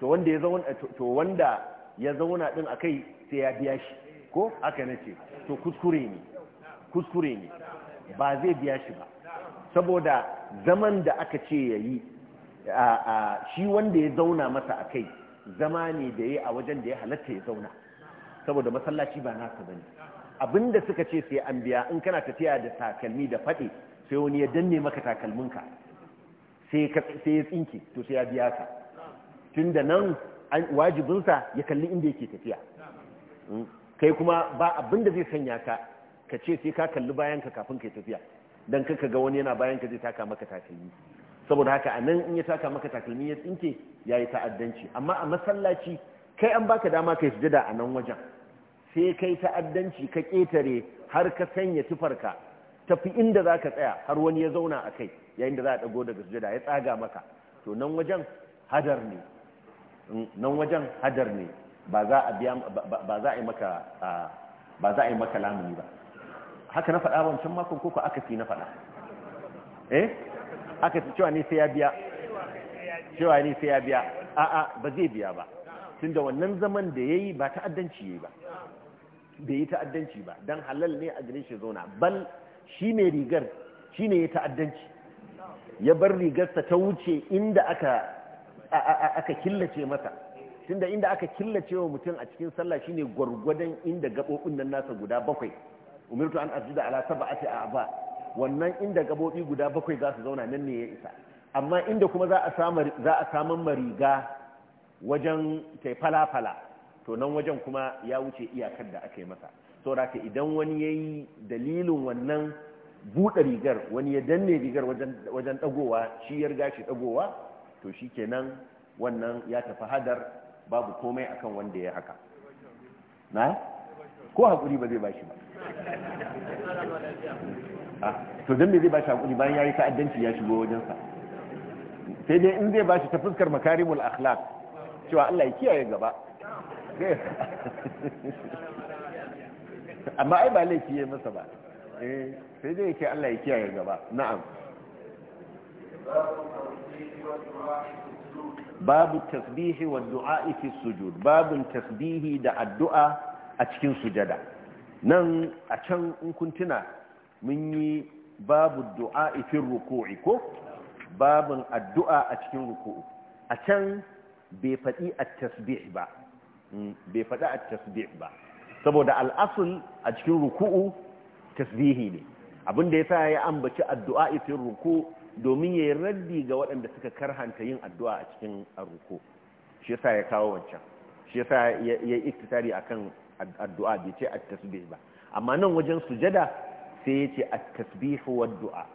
to wanda ya zauna to wanda ya zauna din akai sai ya biya shi ko haka nace to kuskure ne kuskure ne ba zai biya shi ba saboda zaman da aka ce ya yi shi wanda ya zauna masa a kai zama ne da ya a wajen da ya halatta ya zauna saboda masallaci ba nasa ba ne. abinda suka ce sai an biya in kana tafiya da takalmi da faɗi sai wani ya danne maka takalminka sai ya tsinke to sai ya biya ka tun da nan wajibinsa ya kalli inda yake tafiya hmm. kai kuma ba abinda zai sanya ka ka ce sai ka kalli bayanka kafin ka yi tafiya dan kaka ga wani yana bayan ka zai taka maka takalmi saboda haka a nan in ya taka maka takalmi ya tsinke ya yi ta'addanci amma a masallaci kai an baka dama ka kai sujada a nan wajen sai kai ta'addanci ka ƙetare har ka sanya tufarka tafi inda za ka tsaya har wani ya zauna a kai yayin da za a ɗago daga sujada ya tsaga maka to nan hadar ne mm, nan wajen hadar ne ba za a yi maka lamuni ba haka na faɗa wancan makon koko aka fi na faɗa eh aka fi cewa ne sai ya biya cewa ne sai ya biya a'a ba zai biya ba tun da wannan zaman da ya yi ba ta'addanci ya yi ba bai yi ta'addanci ba don halal ne a gare shi zauna bal shi mai rigar shi ne ya ta'addanci ya bar rigarsa ta wuce inda aka killace masa da inda aka killace wa mutum a cikin sallah shine gwargwadon inda gaɓoɓin nan nasa guda bakwai umirtu an da ala sab'ati a'ba wannan inda gabobi guda bakwai za su zauna nan ne ya isa amma inda kuma za a samu za a samu mariga wajen kai falafala to nan wajen kuma ya wuce iyakar da aka yi masa saboda ka idan wani yayi dalilin wannan buɗe rigar wani ya danne rigar wajen dagowa shi ya riga shi to shi kenan wannan ya tafi hadar babu komai akan wanda ya haka na ko haƙuri ba zai bashi ba Ah, to don me zai ba shi hakuri bayan ya yi ta'addanci ya shigo wajensa sai dai in zai ba shi ta fuskar makarimul akhlaq cewa Allah ya kiyaye gaba amma ai ba laifi ya masa ba eh, sai dai yake Allah ya kiyaye gaba na'am babu tasbihi wa du'a fi sujud babu tasbihi da addu'a a cikin sujada nan a can in kun mun yi babu du'a ifin ruku'i ko babin addu'a a cikin ruku'u a can bai faɗi a tasbih ba mm, bai faɗi a tasbih ba saboda al'asul a cikin ruku'u tasbihi ne abinda ya sa ya ambaci addu'a ifin ruku domin ya yi raddi ga waɗanda suka karhanta yin addu'a a cikin ruku shi ya sa ya kawo wancan shi ya sa ya yi iktisari a addu'a bai ce at-tasbih ba amma nan wajen sujada sai yace ce at tasbih wa dua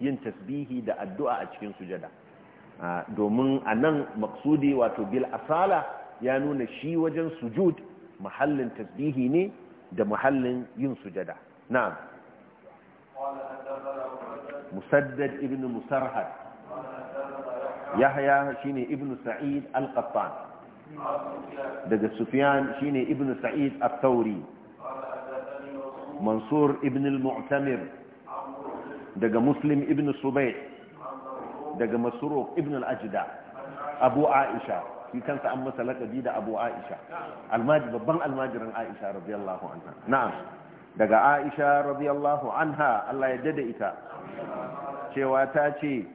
yin tasbihi da addu'a a cikin sujada ah, domin a nan maksudi wato bil asala ya nuna shi wajen sujud mahallin tasbihi ne da mahallin yin sujada na'am musaddad ibn musarhad yahya shine ibn sa'id al-qattan daga sufyan shine ibn sa'id al-thawri mansur ibn al-mu'tamir daga muslim ibn subayt daga masruq ibn al-ajda abu aisha shi kansa an masa lakabi da abu aisha almaji babban almajirin aisha radiyallahu anha na'am daga aisha radiyallahu anha Allah ya dada ita cewa ta ce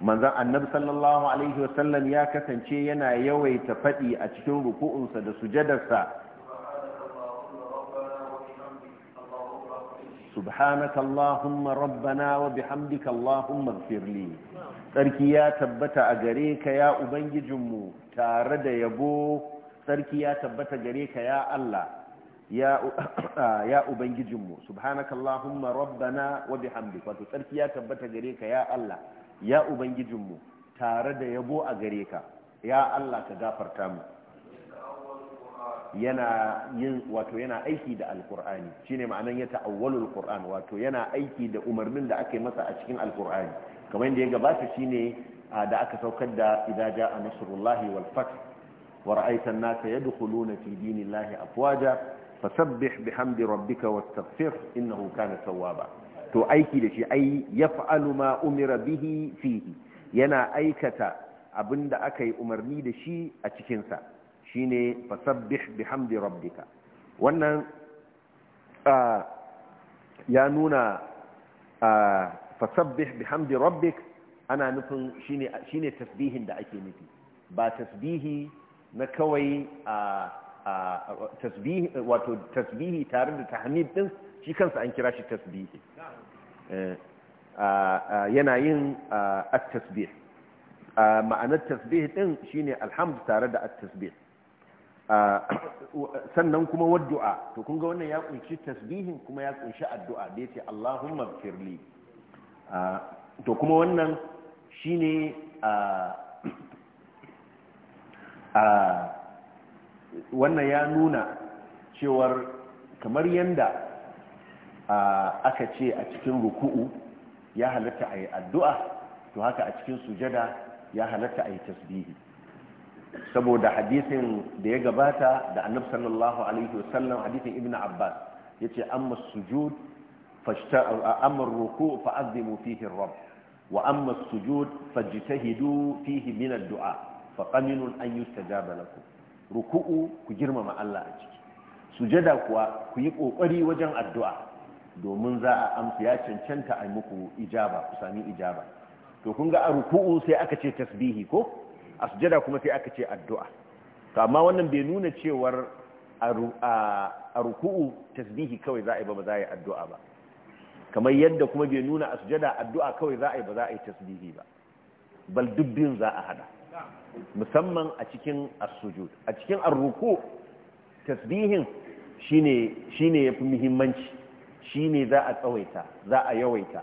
manzan annabi sallallahu alaihi wasallam ya kasance yana yawaita faɗi a cikin ruku'unsa da sujadarsa subhanaka allahumma rabbana wa bihamdika allahumma ighfirli sarki ya tabbata a gare ka ya ubangijinmu tare da yabo sarki ya tabbata gare ka ya Allah ya ubangijinmu subhanaka allahumma rabbana wa bihamdika wato sarki ya tabbata gare ka ya Allah ya ubangijinmu tare da yabo a gare ka ya Allah ka gafarta mu yana yin wato yana aiki da alkur'ani shine ma'anan ya ta'awwalul qur'an wato yana aiki da umarnin da aka yi masa a cikin alkur'ani kamar yadda ya gabata shine da aka saukar da idza jaa nasrullahi wal fath wa ra'aita an-nasa yadkhuluna fi dinillahi afwaja fasabbih bihamdi rabbika wastaghfir innahu kana tawwaba to aiki da shi ai fa'alu ma umira bihi fihi yana aikata abinda aka yi umarni da shi a cikinsa shi ne fasabbih bihamdi rabbika wannan ya nuna fasabbih bihamdi rabbik ana nufin shine ne tasbihin da ake nufi ba tasbihi na kawai a tasbihi wato tasbihi tare da tahmid din shi kansa an kira shi tasbihi eh, yana yin at-tasbih ma'anar tasbih din shine alhamd tare da at-tasbih sannan kuma wadu'a to kun ga wannan ya kunshi tasbihin kuma ya kunshi addu'a da yace Allahumma firli to kuma wannan shine wannan ya nuna cewar kamar yanda aka ce a cikin ruku'u ya halatta a yi addu'a to haka a cikin sujada ya halatta a yi tasbihi saboda hadisin da ya gabata da annab sallallahu alaihi wasallam hadisin ibn abbas ya ce amma sujud amma ruku azimu fihi rabb wa amma sujud fajtahidu fihi min addu'a fa qaminun an na lakum ruku'u ku girmama Allah a ciki sujada kuwa ku yi ƙoƙari wajen addu'a domin za a amsa ya cancanta a muku ijaba ku sami ijaba to kun ga a ruku'u sai aka ce tasbihi ko a sujada kuma sai aka ce addu'a to amma wannan bai nuna cewar a ruku'u tasbihi kawai za a yi ba ba za a yi addu'a ba kamar yadda kuma bai nuna a sujada addu'a kawai za a yi ba za a yi tasbihi ba bal dubbin za a hada musamman a cikin as-sujud a cikin ar-ruku tasbihin shine shine yafi muhimmanci shi ne za a tsawaita za a yawaita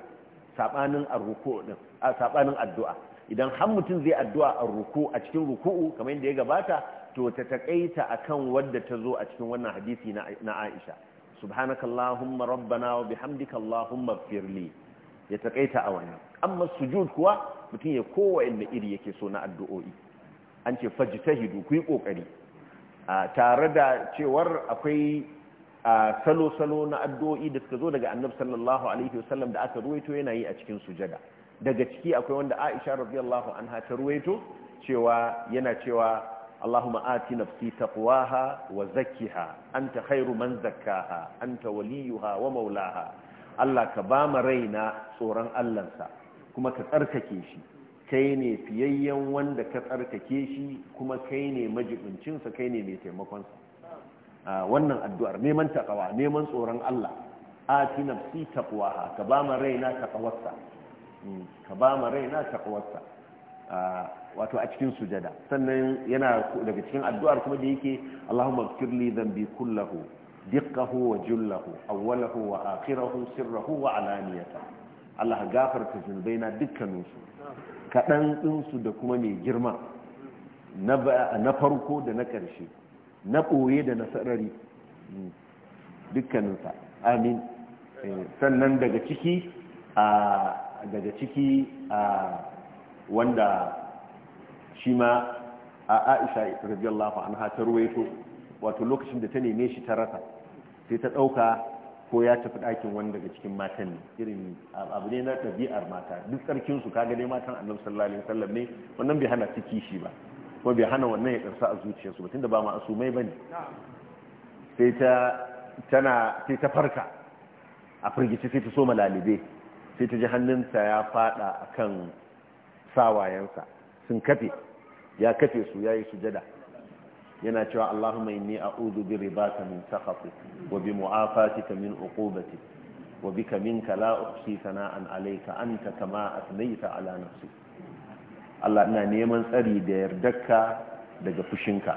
saɓanin addu'a idan har mutum zai addu'a a ruku a cikin ruku'u kamar yadda ya gabata to ta taƙaita a kan wadda ta zo a cikin wannan hadisi na aisha subhanakallahumma rabbana wa bihamdika allahumma firli ya taƙaita a wannan amma sujud kuwa mutum ya kowa inda iri yake so na addu'o'i an ce fajita hidu ku yi ƙoƙari tare da cewar akwai salo-salo na addu'o'i da suka zo daga annab sallallahu alaihi wasallam da aka ruwaito yana yi a cikin sujada daga ciki akwai wanda aisha radiyallahu anha ta ruwaito cewa yana cewa allahumma ati nafsi taqwaha wa zakkiha anta khairu man zakkaha anta waliyuha wa maulaha Allah ka ba rai raina tsoron Allahnsa kuma ka tsarkake shi kai ne fiyayyen wanda ka tsarkake shi kuma kai ne majibincinsa kai ne mai taimakonsa wannan addu'ar neman taƙawa neman tsoron Allah a ati fi taqwaha ka ba ma raina taƙawarsa hmm, ka ba ma raina taƙawarsa wato a cikin sujada sannan yana daga cikin addu'ar kuma da yake Allahumma kirli bi kullahu diqqahu wa jullahu awwalahu wa akhirahu sirrahu wa alaniyata Allah gafarta zunubaina dukkaninsu kaɗan ɗinsu da kuma mai girma na farko da na ƙarshe na ɓoye da nasarari dukkaninsa amin eh, sannan daga ciki a daga ciki a wanda shi ma a aisha radiyallahu anha ta ruwaito wato lokacin da ta neme shi ta rasa sai ta ɗauka ko ya tafi ɗakin wani daga cikin matan ne irin abu ne na ɗabi'ar mata duk tsarkinsu ka gane matan annabi sallallahu alaihi wasallam ne wannan bai hana su kishi ba kuma bai hana wannan ya karsa a zuciyarsu ba tunda ba ma asumai bane sai ta tana sai ta farka a firgici sai ta so malalibe sai ta ji hannunta ya fada akan sawayensa sun kafe ya kafe su yayi sujada yana cewa Allahumma inni a'udhu bi ribaka min sakhatik wa bi mu'afatika min uqubatik wa bika minka la uhsi sana'an alayka anta kama athnayta ala nafsi Allah ina neman tsari da yardarka daga fushinka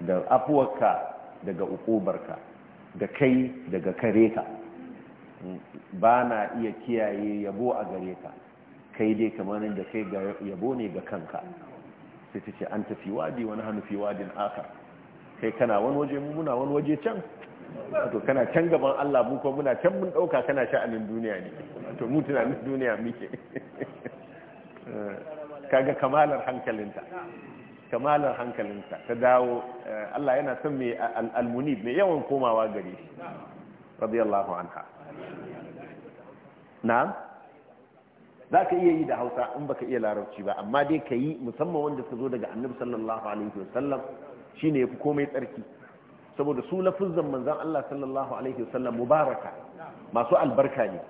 da afuwarka daga ukubarka da kai daga kare ka ba na iya kiyaye yabo a gare ka kai dai kamar da kai yabo ne ga kanka sai ta ce an tafi wadi wani hannu fi wadin aka kai kana wani waje muna wani waje can to kana can gaban Allah mu kuma muna can mun dauka kana sha'anin duniya ne to mu tunanin duniya muke eh. kaga kamalar hankalinta kamalar hankalinta ta dawo eh, Allah yana son mai al-munib mai yawan komawa gari radiyallahu anha na'am za ka iya yi da hausa in baka iya larabci ba amma dai ka yi musamman wanda ka zo daga annabi sallallahu alaihi wasallam shine yafi komai tsarki saboda su lafuzzan manzon Allah sallallahu alaihi wasallam mubaraka masu albarka ne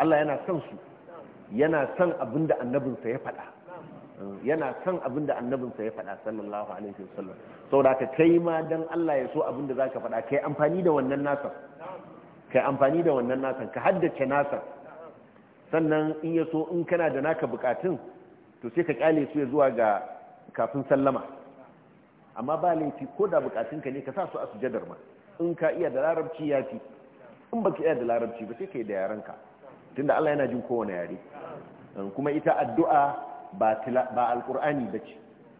Allah yana son su yana son abinda annabinsa ya faɗa yana son abin da annabinsa ya faɗa sallallahu alaihi wasallam saboda ka kai ma dan Allah ya so abin da ka faɗa kai amfani da wannan nasa kai amfani da wannan nasa ka haddace nasa sannan in ya so in kana da naka bukatun to sai ka kyale su ya zuwa ga kafin sallama amma ba laifi ko da bukatunka ne ka sa su a sujadar ma in ka iya da larabci ya fi in baka iya da larabci ba sai ka yi da yarenka tunda Allah yana jin kowane yare kuma ita addu'a ba Alƙur'ani ba ce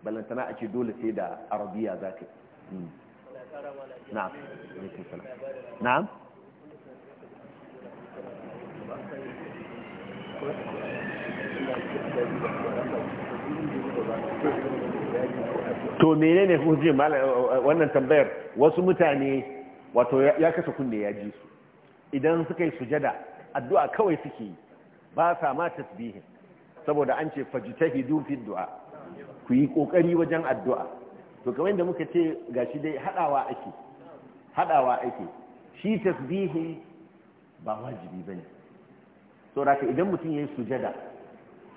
balantana a ce dole sai da arabiya za ka yi hmm. na'am na'am to menene wannan tambayar wasu mutane wato ya kasa kunne ya ji su idan suka yi sujada addu'a kawai suke yi ba sa ma tasbihin saboda an ce fajtahidu fi du'a ku yi kokari wajen addu'a to kamar yadda muka ce gashi dai hadawa ake hadawa ake shi tasbihi ba wajibi bane saboda idan mutum yayi sujada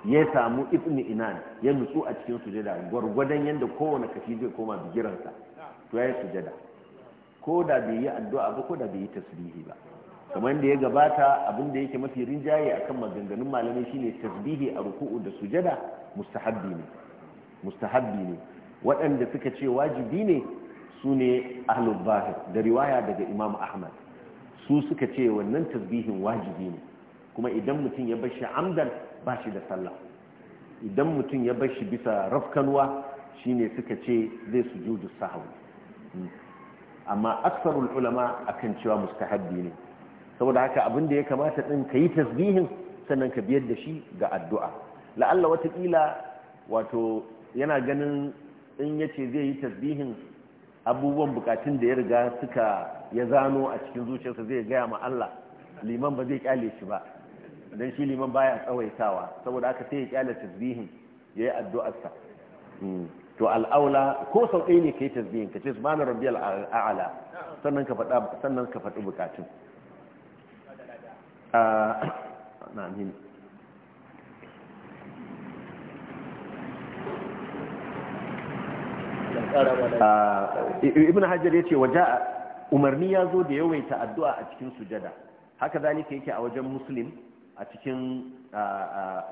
ya samu ibni inan ya nutsu a cikin sujada gwargwadon yanda kowane kashi zai koma bigiransa to ya sujada ko da bai yi addu'a ba ko da bai yi tasbihi ba kamar yadda ya gabata abin da yake mafi rinjaye akan maganganun malamai shine tasbihi a ruku'u da sujada mustahabbi ne mustahabbi ne waɗanda suka ce wajibi ne su ne ahlul bahir da riwaya daga imam ahmad su suka ce wannan tasbihin wajibi ne kuma idan mutum ya bashi amdan ba shi da sallah idan mutum ya bashi bisa rafkanwa shine suka ce zai sujudu sahwi hmm. amma aksarul ulama akan cewa mustahabbi ne saboda haka abin da ya kamata ɗin ka yi tasbihin sannan ka biyar da shi ga addu'a la'alla watakila wato yana ganin in ya ce zai yi tasbihin abubuwan bukatun da ya riga suka ya zano a cikin zuciyarsa zai gaya ma Allah liman ba zai kyale shi ba don shi liman baya tsawaitawa saboda haka sai ya kyale tasbihin ya yi addu'arsa hmm. to al'aula ko sau ɗaya ne ka yi tasbihin ka ce su na rabbiyal a'ala sannan ka faɗi bukatun نعم هنا ibn hajar ya ce waja umarni ya zo da yawaita addu'a a cikin sujada haka zalika yake a wajen muslim a cikin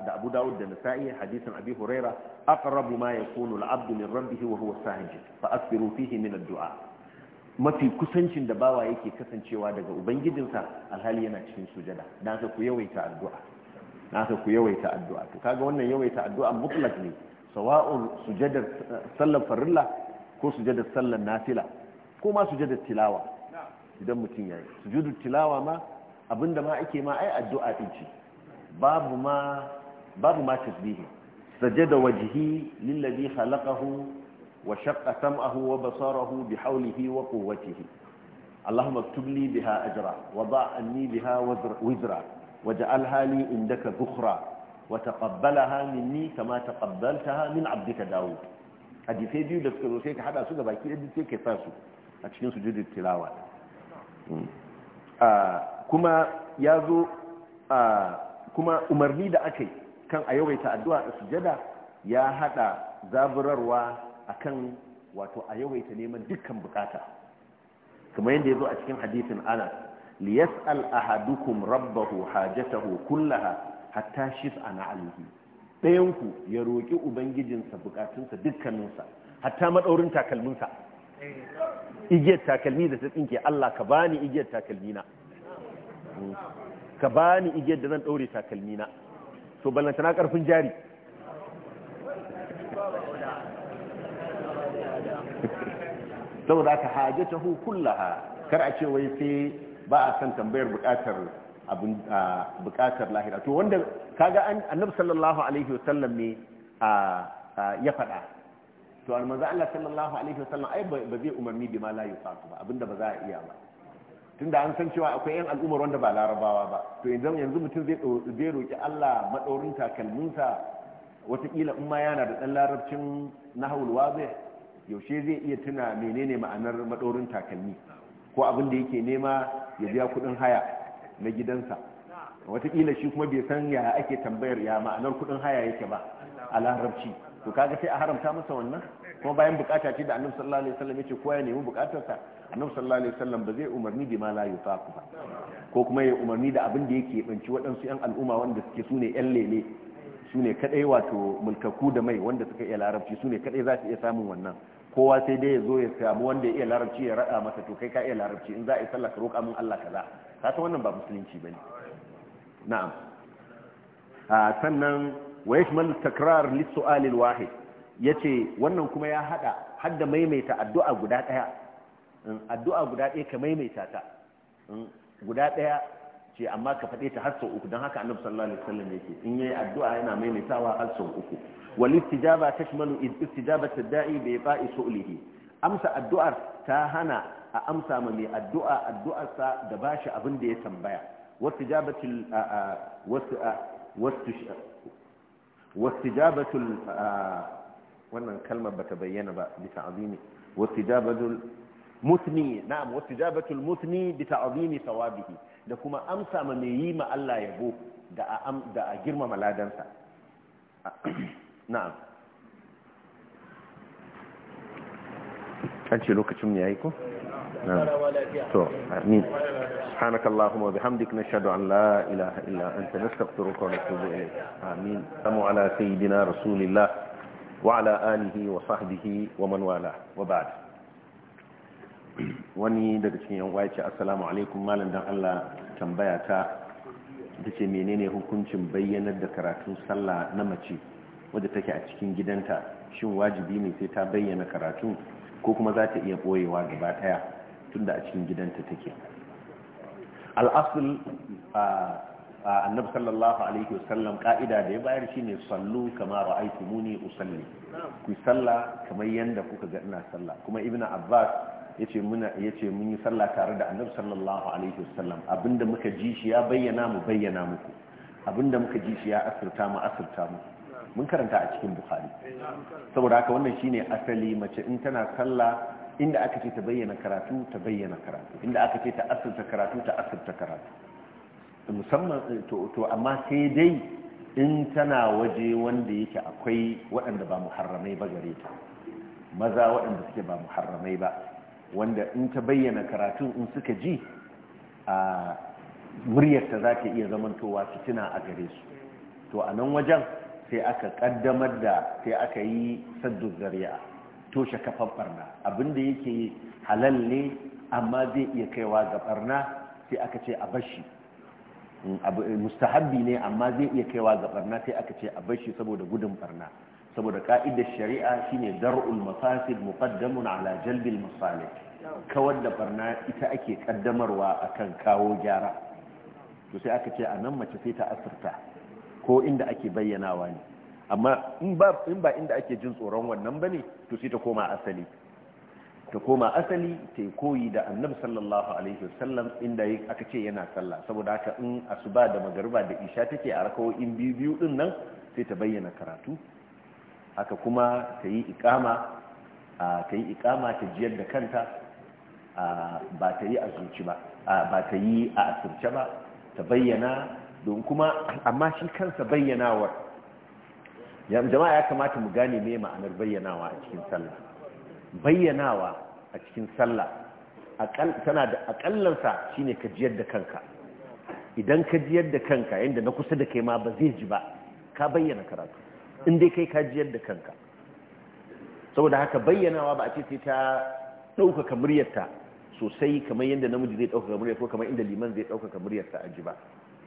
da abu dawud da nasa'i hadisin abi huraira aqrabu ma yakunu al-'abdu min rabbih wa huwa sajid fa asbiru fihi min ad-du'a mafi kusancin da bawa yake kasancewa daga ubangijinsa alhali yana cikin sujada Na haka ku yawaita addu'a Na haka ku yawaita addu'a to kaga wannan yawaita addu'a mutlak ne sawa'un sujadar sallar farilla ko sujadar sallar nafila ko ma sujadar tilawa idan mutum yayi sujudar tilawa ma abinda ma ake ma ai addu'a din ci. babu ma babu ma tasbihi sajada wajhi lillazi khalaqahu وشق سمعه وبصره بحوله وقوته اللهم اكتب لي بها أجرا وضع عني بها وزرا وجعلها لي عندك ذخرا وتقبلها مني كما تقبلتها من عبدك داود hadisai biyu da suka zo sai ka hada su ga baki da sai ka sa su a cikin tilawa kuma ya zo kuma umarni da ake kan a yawaita addu'a da sujada ya hada zaburarwa akan wato a yawaita neman dukkan bukata kamar yadda ya zo a cikin hadisin anas liyas'al ahadukum rabbahu hajatahu kullaha hatta shif'a na'alihi ɗayan ku ya roƙi ubangijinsa bukatunsa dukkaninsa hatta maɗaurin takalminsa igiyar takalmi da ta tsinke Allah ka bani igiyar takalmina ka bani igiyar da zan ɗaure takalmina to ballantana karfin jari saboda ka hajjata kullaha kar a ce wai sai ba a san tambayar bukatar lahira to wanda kaga annabi sallallahu alaihi wasallam ne ya faɗa to manzo Allah sallallahu alaihi wasallam ai ba zai umarni bi ma la ba abinda ba za a iya ba tunda an san cewa akwai yan al'ummar wanda ba larabawa ba to yanzu mutum zai roƙi Allah madaurin takalminsa watakila in ma yana da dan larabcin nahawul wazih yaushe zai iya tuna menene ma'anar maɗorin takalmi ko abin da yake nema ya biya kuɗin haya na gidansa watakila shi kuma bai san yaya ake tambayar ya ma'anar kuɗin haya yake ba a larabci to kaga sai a haramta masa wannan kuma bayan bukata ce da annabi sallallahu alaihi wasallam yace ko ya nemi bukatarsa annabi sallallahu alaihi wasallam ba zai umarni bi ma la ba ko kuma ya umarni da abin da yake banci waɗansu yan al'umma wanda suke sune yan lele sune kadai wato mulkaku da mai wanda suka iya larabci sune kadai za su iya samun wannan kowa sai dai ya zo ya samu wanda ya iya larabci ya raɗa masa to kai ka iya larabci in za a yi sallah ka roƙa min Allah kaza ka san wannan ba musulunci bane na'am a sannan wa yashmal takrar li su'al al wahid yace wannan kuma ya hada hadda maimaita addu'a guda daya addu'a guda daya ka maimaita ta guda daya ce amma ka faɗe ta har sau uku don haka annabi sallallahu alaihi wasallam yake in yayi addu'a yana maimaitawa har sau uku wal istijaba tashmalu istijabata da'i bi iso su'lihi amsa addu'ar ta hana a amsa ma mai addu'a addu'arsa da bashi abin da ya tambaya wastijabatul wastijabatul wannan kalmar bata bayyana ba bisa azimi wastijabatul mutni na'am wasu jabatul mutni bi ta'azimi sawabihi da kuma amsa ma mai yi ma Allah yabo da a da a girmama ladansa na'am an ce lokacin mu yayi ko to amin سبحانك اللهم وبحمدك نشهد أن لا إله إلا أنت نستغفرك ونتوب إليك آمين سموا على سيدنا رسول الله وعلى آله وصحبه ومن والاه وبعد wani daga cikin yan uwa ce assalamu alaikum malam dan Allah tambaya ta ta ce menene hukuncin bayyanar da karatun sallah na mace wadda take a cikin gidanta shin wajibi ne sai ta bayyana karatu ko kuma za ta iya boyewa gaba daya tunda a cikin gidanta take al'asul annabi sallallahu alaihi wasallam ka'ida da ya bayar shine sallu kama ra'aytumuni usalli ku sallah kamar yanda kuka ga ina sallah kuma ibnu abbas yace muna yace mun yi sallah tare da annabi sallallahu alaihi wasallam abinda muka ji shi ya bayyana mu bayyana muku abinda muka ji shi ya asirta mu asirta mu mun karanta a cikin bukhari saboda haka wannan shine asali mace in tana sallah inda aka ce ta bayyana karatu ta bayyana karatu inda aka ce ta asirta karatu ta asirta karatu musamman to amma sai dai in tana waje wanda yake akwai waɗanda ba muharramai ba gare ta maza waɗanda suke ba muharramai ba wanda in ta bayyana karatun in suka ji a muryarta za ta iya zamantowa fitina a gare su to a nan wajen sai aka kaddamar da sai aka yi saddu zari'a toshe kafan barna abinda yake halal ne amma zai iya kaiwa ga barna sai aka ce a bashi mm, mustahabbi ne amma zai iya kaiwa ga barna sai aka ce a bashi saboda gudun barna saboda ka'idar shari'a shine dar'ul mafasid muqaddamun ala jalbil masalih kawar da barna ita ake kaddamarwa akan kawo gyara to sai aka ce a nan mace sai ta asirta ko inda ake bayyanawa ne amma in ba inda ake jin tsoron wannan ba ne to sai ta koma asali ta koma asali ta koyi da annabi sallallahu alaihi wasallam inda aka ce yana sallah saboda haka in asuba da magariba da isha take a in biyu biyu din nan sai ta bayyana karatu haka kuma ta yi ikama ta yi ikama ta jiyar da kanta ba ta yi a zuci ba ba ta yi a asirce ba ta bayyana don kuma amma shi kansa bayyanawar jama'a ya kamata mu gane me ma'anar bayyanawa a cikin sallah bayyanawa a cikin sallah tana da akallansa shine ka jiyar da kanka idan ka jiyar da kanka yadda na kusa da kai ma ba zai ji ba ka bayyana karatu in dai kai ka jiyar da kanka saboda haka bayyanawa ba a ce sai ta ɗaukaka muryarta sosai kamar yadda namiji zai ɗaukaka murya ko kamar inda liman zai ɗaukaka muryarsa a ji ba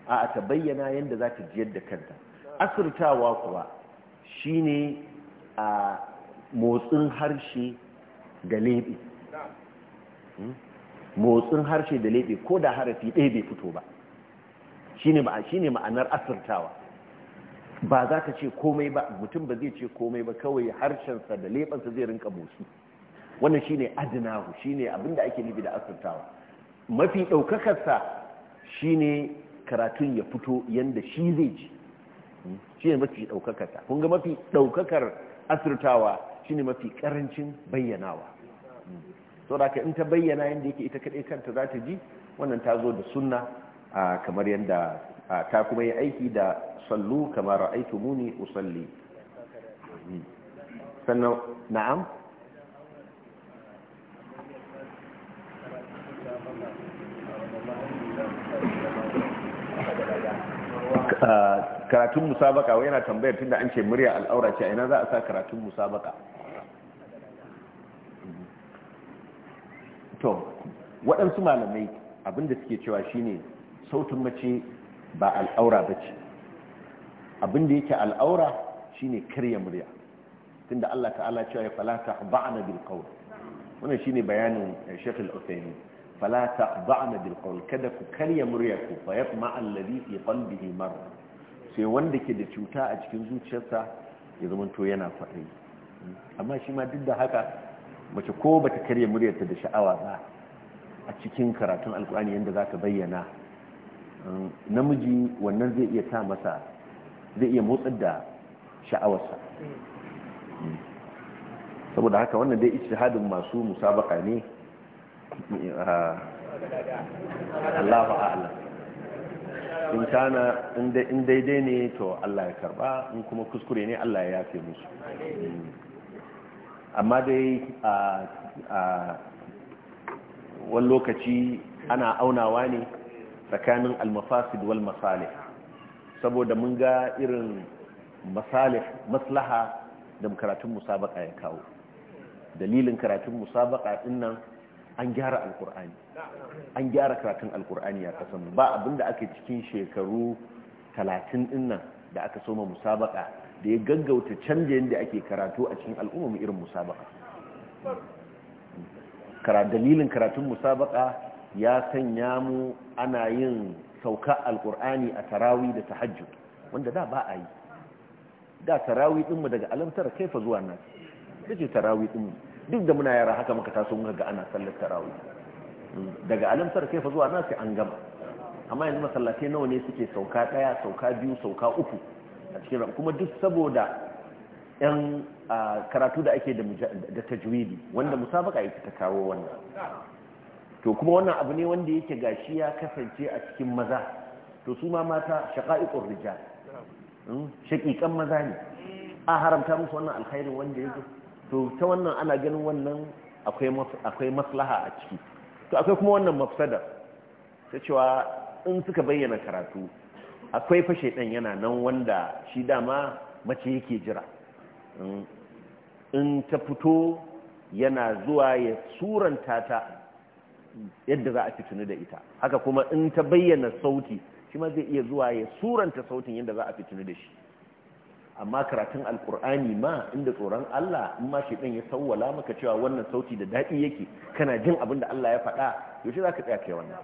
a ta bayyana yadda za ta jiyar da kanta asirtawa kuwa shine a motsin harshe da leɓe hmm? motsin harshe da leɓe ko da harafi ɗaya bai fito ba shine ma'anar asirtawa ba za ka ce komai ba mutum ba zai ce komai ba kawai harshensa da leɓensa zai rinka motsi wannan shine adnahu shine abinda ake nufi da asirtawa mafi daukakar sa shine karatun ya fito yanda shi zai ji hmm? shine mafi daukakar sa kun ga mafi daukakar asirtawa shine mafi karancin bayyanawa hmm? saboda in ta bayyana yanda yake ita kadai kanta za ta ji wannan ta zo da sunna kamar yanda ta kuma yi aiki da sallu kamar ra'aytumuni usalli hmm. sannan na'am karatun musabaka wai yana tambayar tun da an ce murya al'aura ce ina za a sa karatun musabaka to waɗansu malamai abinda suke cewa shine sautin mace ba al'aura ba ce abinda yake al'aura shine karya murya tunda Allah ta'ala cewa ya falata ba'ana bilkawar wannan shine bayanin shekul al fala ba na qawl kada ku karya muryarku fa yatma alladhi fi qalbihi sai wanda ke da cuta a cikin zuciyarsa ya zama to yana faɗi amma shi ma duk da haka mace ko bata karya muryarta da sha'awa ba a cikin karatun alkur'ani yadda za ta bayyana namiji wannan zai iya ta masa zai iya motsar da sha'awarsa saboda haka wannan dai ishihadin masu musabaka ne Ah. Allahu a'lam in kana in daidai ne to Allah ya karba in kuma kuskure ne Allah ya yafe musu hmm. amma dai a wani lokaci ana aunawa ne tsakanin almafasid wal masalih saboda mun ga irin masalih maslaha da karatun musabaka ya kawo dalilin karatun musabaka din nan an gyara alkur'ani an gyara karatun alkur'ani ya kasan ba abinda ake cikin shekaru talatin dinnan da aka soma musabaka da ya gaggauta canje yadda ake karatu a cikin al'umma irin musabaka dalilin karatun musabaka ya sanya mu ana yin sauka alkur'ani a tarawi da tahajjud wanda da ba a yi da tarawi dinmu daga alamtar kaifa zuwa nan kaje tarawi dinmu duk da muna yara haka muka taso muka ga ana sallar tarawih hmm. daga alamsar kai fa zuwa na sai an gama amma yanzu masallatai nawa ne suke sauka daya sauka biyu sauka uku a cikin kuma duk saboda yan karatu da ake da tajwidi wanda musabaka yake ta kawo wannan to kuma wannan abu ne wanda yake gashi ya kasance a cikin maza to su ma mata shaqa'iqur rijal hmm. shaqiqan maza ne a haramta musu wannan alkhairin wanda yake to ta wannan ana ganin wannan akwai maslaha a ciki to akwai kuma wannan mafsada ta cewa in suka bayyana karatu akwai fashe ɗan yana nan wanda shi dama mace yake jira in ta fito yana zuwa ya suranta ta yadda za a tuni da ita haka kuma in ta bayyana sauti shi ma zai iya zuwa ya suranta sautin yadda za a tuni da shi amma karatun alkur'ani ma inda tsoron Allah in ma shi ɗan ya sauwala maka cewa wannan sauti da daɗi yake kana jin abin da Allah ya faɗa yaushe zaka tsaya kai wannan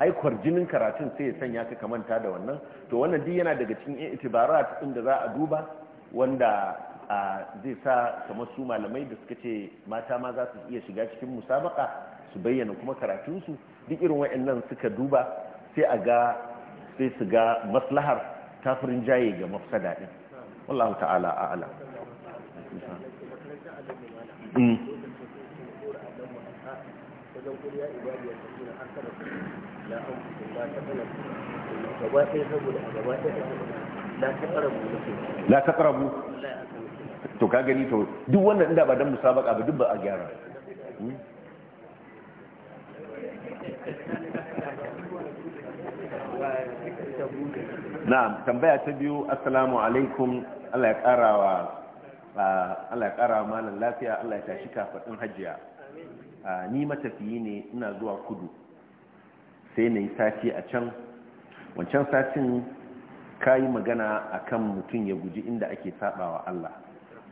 ai jinin karatun sai ya sanya ka kamanta da wannan to wannan duk yana daga cikin itibarat da za a duba wanda zai sa kamar su malamai da suka ce mata ma za su iya shiga cikin musabaka su bayyana kuma karatunsu duk irin wa'annan suka duba sai a ga sai su ga maslahar Kafirin jaye ga mafsada din wallahu ta'ala a'ala mm. la taqrabu to ka gani to duk wannan inda ba dan musabaka ba duk ba a gyara mm. na tambaya ta biyu assalamu alaikum Allah ya karawa wa Allah ya lafiya Allah ya tashi kafaɗin hajiya ni matafiyi ne ina zuwa kudu sai na sati a can wancan satin ka magana akan kan mutum ya guji inda ake saɓawa Allah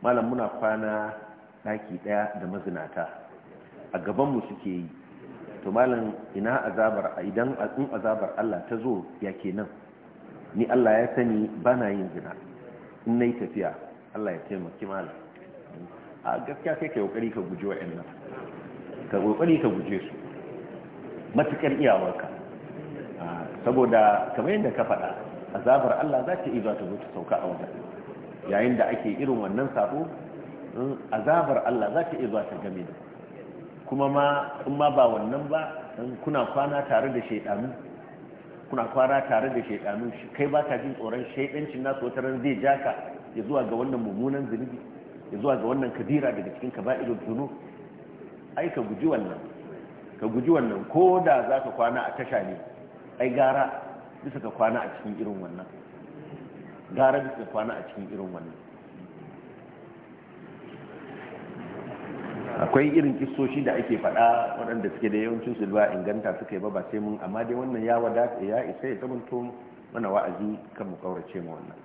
malam muna kwana daki ɗaya da mazinata a gabanmu suke yi to malam ina azabar idan in azabar Allah ta zo ya kenan ni Allah ya sani bana yin zina in nayi tafiya Allah ya taimaki malam a gaskiya sai ka kokari ka guje wa'annan ka kokari ka guje su matukar iyawarka saboda kamar yadda ka faɗa azabar Allah za ta iya ta zo ta sauka a wajen yayin da ake irin wannan sabo azabar Allah za ta iya zuwa ta game da kuma ma in ma ba wannan ba kuna kwana tare da shaidanu kuna kwara tare da shaidanu kai ba ka jin tsoron shaidancin nasu wata ran zai ja ka ya zuwa ga wannan mummunan zunubi ya zuwa ga wannan kabira daga cikin kaba'irul tuno? ai ka guji wannan ka guji wannan ko da za ka kwana a tasha ne ai gara bisa ka kwana a cikin irin wannan gara bisa kwana a cikin irin wannan akwai irin kisoshi da ake faɗa waɗanda suke da yawancin su ba inganta suka ba ba sai mun amma dai wannan ya wadata ya isa ya zamanto mana wa'azi kan mu kaurace mu wannan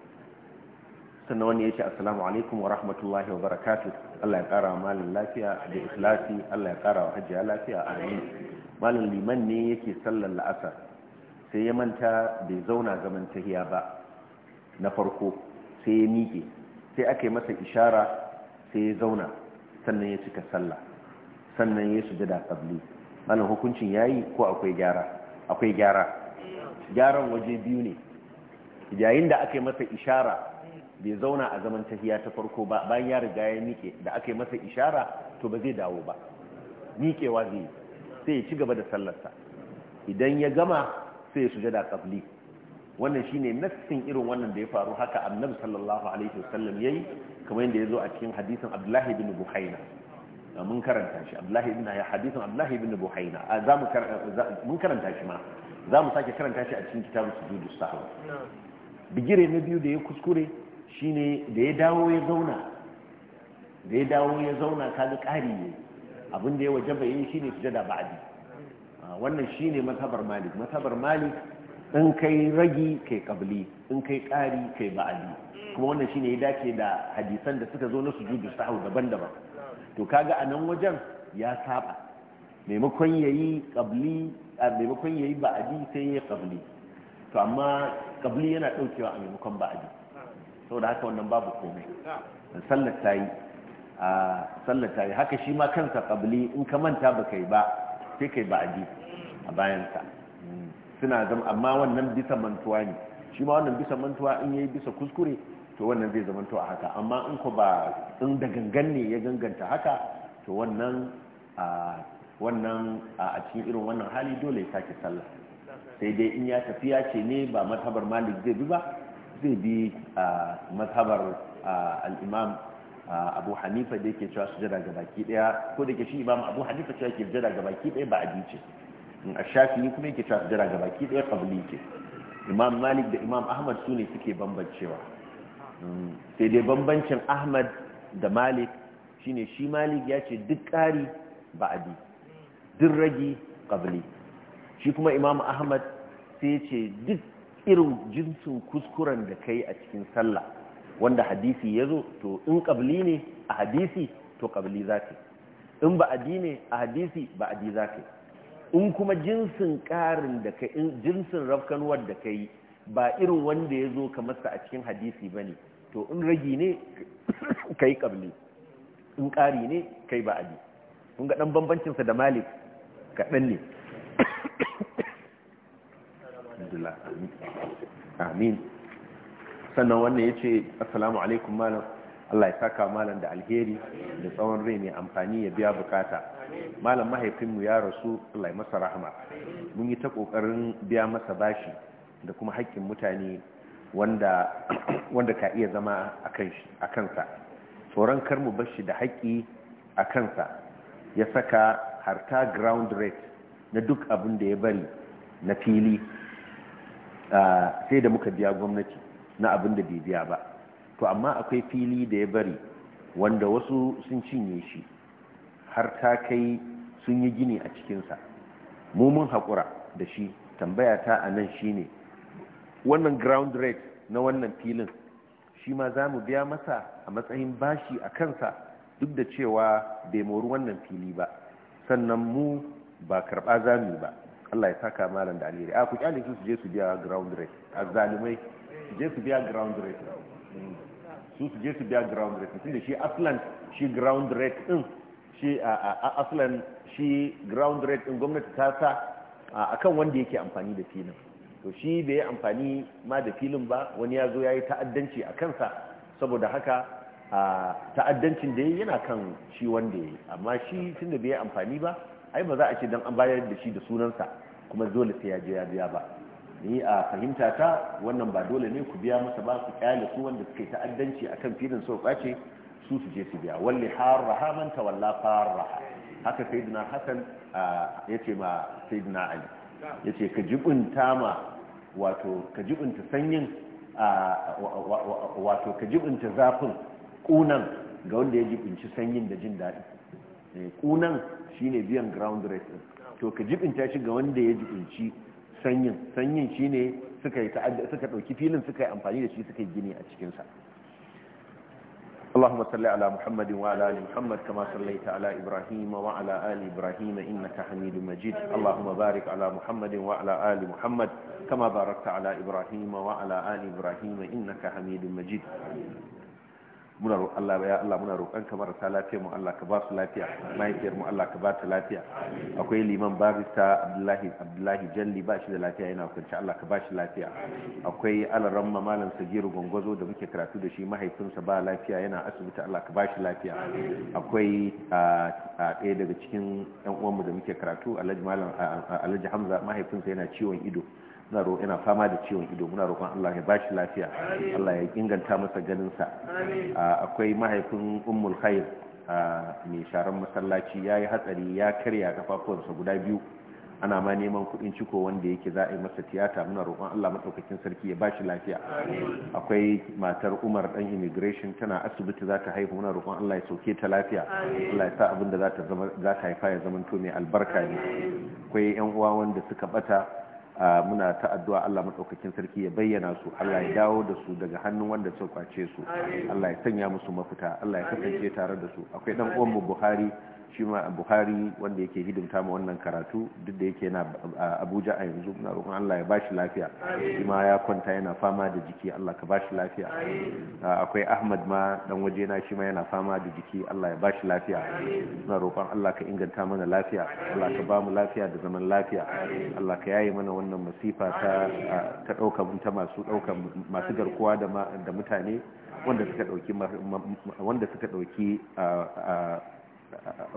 sannan wani ya assalamu alaikum wa rahmatullahi wa barakatuh Allah ya kara wa lafiya da ikhlasi Allah ya kara wa hajjiya lafiya amin malin liman ne yake sallar la'asar sai ya manta bai zauna zaman tahiya ba na farko sai ya miƙe sai aka yi masa ishara sai ya zauna sannan ya cika sallah sannan ya sujada qabli malam hukuncin yayi ko akwai gyara akwai gyara gyaran waje biyu ne yayin da aka yi masa ishara bai zauna a zaman tahiya ta farko ba bayan ya riga ya miƙe da aka masa ishara to ba zai dawo ba miƙewa zai sai ya ci gaba da sallarsa idan ya gama sai ya sujada qabli wannan shine nassin irin wannan da ya faru haka annabi sallallahu alaihi wasallam yayi kamar yadda yazo a cikin hadisin Abdullahi ibn Buhaina mun karanta shi Abdullahi ibn ya hadisin Abdullahi ibn Buhaina za mu mun karanta shi ma za mu sake karanta shi a cikin kitabu sujudu sahwa bigire na biyu da ya kuskure shine da ya dawo ya zauna da ya dawo ya zauna kaga ƙari ne abin da ya wajaba yin shine sujada ba'di wannan shine mazhabar Malik mazhabar Malik in kai ragi kai kabli in kai ƙari kai ba'adi kuma wannan shine ya dace da hadisan da suka zo na su sujudu sahu daban-daban to kaga a nan wajen ya saba maimakon yi kabli a maimakon yayi ba'ali sai ya yi kabli to amma kabli yana ɗaukewa a maimakon ba'ali da haka wannan babu komai sallar ta yi haka shi ma kansa kabli in ka manta ba kai ba sai kai ba'ali a bayansa suna zama amma wannan bisa mantuwa ne shi ma wannan bisa mantuwa in yayi bisa kuskure to wannan zai zama to a haka amma in ko ba in da gangan ne ya ganganta haka to wannan a a cikin irin wannan hali dole ya sake sallah sai dai in ya tafiya ce ne ba mazhabar malik zai bi ba zai bi a mazhabar al abu hanifa da yake cewa jira ga baki daya ko da ke shi imam abu hanifa cewa ke jira ga baki daya ba a ce in a shafi kuma yake cewa jira gaba ki ɗaya kabili ke imam malik da imam ahmad su ne suke bambancewa mm, sai dai bambancin ahmad da malik shine shi malik ya ce duk ƙari ba'adi duk ragi kabili shi kuma imam ahmad sai ce duk irin jinsin kuskuren da kai a cikin sallah wanda hadisi ya zo to in kabili ne a hadisi to kabili za in ba'adi ne a hadisi ba'adi za ka in kuma jinsin ƙarin da ka jinsin rafkanuwar da ka yi ba irin wanda ya zo ka masa a cikin hadisi ba ne to in ragi ne ka yi ƙabli in ƙari ne ka yi ba'adi kun ga ɗan bambancinsa da malik kaɗan ne amin sannan wannan ya ce assalamu alaikum malam Allah ya saka malam da alheri da tsawon rai mai amfani ya biya bukata malam mahaifinmu ya rasu Allah ya masa rahama mun yi ta kokarin biya masa bashi da kuma haƙƙin mutane wanda wanda ka iya zama a kansa tsoron kar mu bar shi da haƙƙi a kansa ya saka harta ground rate na duk abin da ya bari na fili ah, sai da muka biya gwamnati na abin da bai biya ba to amma akwai fili da ya bari wanda wasu sun cinye shi har ta kai sun yi gini a cikinsa mumun haƙura da shi tambaya ta a nan shi ne wannan ground rate na wannan filin shi ma za mu biya masa a matsayin bashi a kansa duk da cewa bai mori wannan fili ba sannan mu ba karɓa za mu ba Allah ya saka malam da alheri a ku kyale su je su biya ground rate a zalimai je su biya ground rate su su je su biya ground rate tun da shi aslan shi ground rate din shi a aslan shi ground rate din gwamnati ta sa akan wanda yake amfani da filin to shi bai yi amfani ma da filin ba wani ya zo ya yi ta'addanci a kansa saboda haka ta'addancin da ya yana kan shi wanda ya amma shi tun da bai yi amfani ba ai ba za a ce don an bayar da shi da sunansa kuma dole sai ya je ya biya ba ni a fahimta ta wannan ba dole ne ku biya masa ba su kyale su wanda suke ta'addanci akan filin sau ɓace su su je su biya walli raha man tawalla raha haka sayyidina hasan ya ce ma sayyidina ali ya ce ka jibinta ma wato ka jibinta sanyin wato ka jibunta zafin kunan ga wanda ya jibinci sanyin da jin daɗi kunan eh, shine biyan ground rate to ka jibinta shi ga wanda ya jibinci sanyin sanyin shine suka yi suka dauki filin suka yi amfani da shi suka yi gini a cikinsa. sa Allahumma salli ala Muhammadin wa ala ali Muhammad kama sallaita ala Ibrahim wa ala ali Ibrahim innaka Hamidum Majid Allahumma barik ala Muhammadin wa ala ali Muhammad kama barakta ala Ibrahima wa ala ali Ibrahim innaka Hamidum Majid Amin muna roƙon Allah ya Allah muna roƙon ka marasa lafiya mu Allah ka ba su lafiya mahaifiyar mu Allah ka ba ta lafiya akwai liman barista Abdullahi Abdullahi Jalli ba shi da lafiya yana kwance Allah ka ba shi lafiya akwai alaran malam Sagiru Gongozo da muke karatu da shi mahaifinsa ba lafiya yana asibiti Allah ka ba shi lafiya akwai a ah, ah, ɗaya daga cikin yan uwanmu da muke karatu Alhaji Malam ah, Alhaji Hamza mahaifinsa yana ciwon ido na ro ina fama da ciwon ido muna roƙon Allah ya bashi lafiya Allah ya inganta masa ganin sa akwai mahaifin ummul khair mai sharan masallaci yayi hatsari ya karya kafafuwansa guda biyu ana ma neman kuɗin ciko wanda yake za a yi masa tiyata muna roƙon Allah madaukakin sarki ya bashi lafiya akwai matar Umar dan immigration tana asibiti za ta haihu muna roƙon Allah ya sauke ta lafiya Allah ya sa abin da za ta haifa ya zama to mai albarka ne akwai yan uwa wanda suka bata muna ta addu'a Allah madaukakin sarki ya bayyana su Allah ya dawo da su daga hannun wanda suka kwace su Allah ya sanya musu mafita Allah ya kasance tare da su akwai dan uwan mu Buhari shi ma buhari wanda yake hidimta ma wannan karatu duk da yake na abuja a yanzu na roƙon allah ya bashi lafiya shi ma ya kwanta yana fama da jiki allah ka bashi lafiya akwai ahmad ma dan waje na shi ma yana fama da jiki allah ya bashi lafiya na roƙon allah ka inganta mana lafiya allah ka ba mu lafiya da zaman lafiya allah ka yaye mana wannan masifa ta ɗaukan ta masu ɗaukar masu garkuwa da mutane wanda suka ɗauki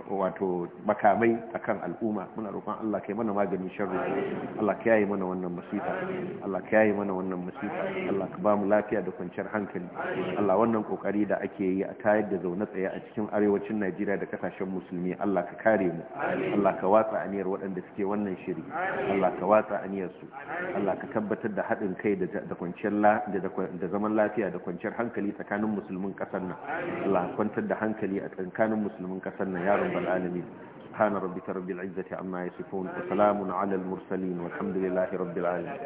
wato makamai a kan al'umma muna roƙon Allah kai mana maganin sharri Allah ka yi mana wannan masifa. Allah ka yi mana wannan masifa. Allah ka ba mu lafiya da kwanciyar hankali Allah wannan kokari da ake yi a tayar da zaune tsaye a cikin arewacin Najeriya da kasashen musulmi Allah ka kare mu Allah ka watsa aniyar waɗanda suke wannan shiri Allah ka watsa aniyar su Allah ka tabbatar da haɗin kai da kwanciyar da zaman lafiya da kwanciyar hankali tsakanin musulmin ƙasar nan Allah kwantar da hankali a tsakanin musulmin ƙasar وتوفنا يا رب العالمين سبحان ربك رب العزة عما يصفون وسلام على المرسلين والحمد لله رب العالمين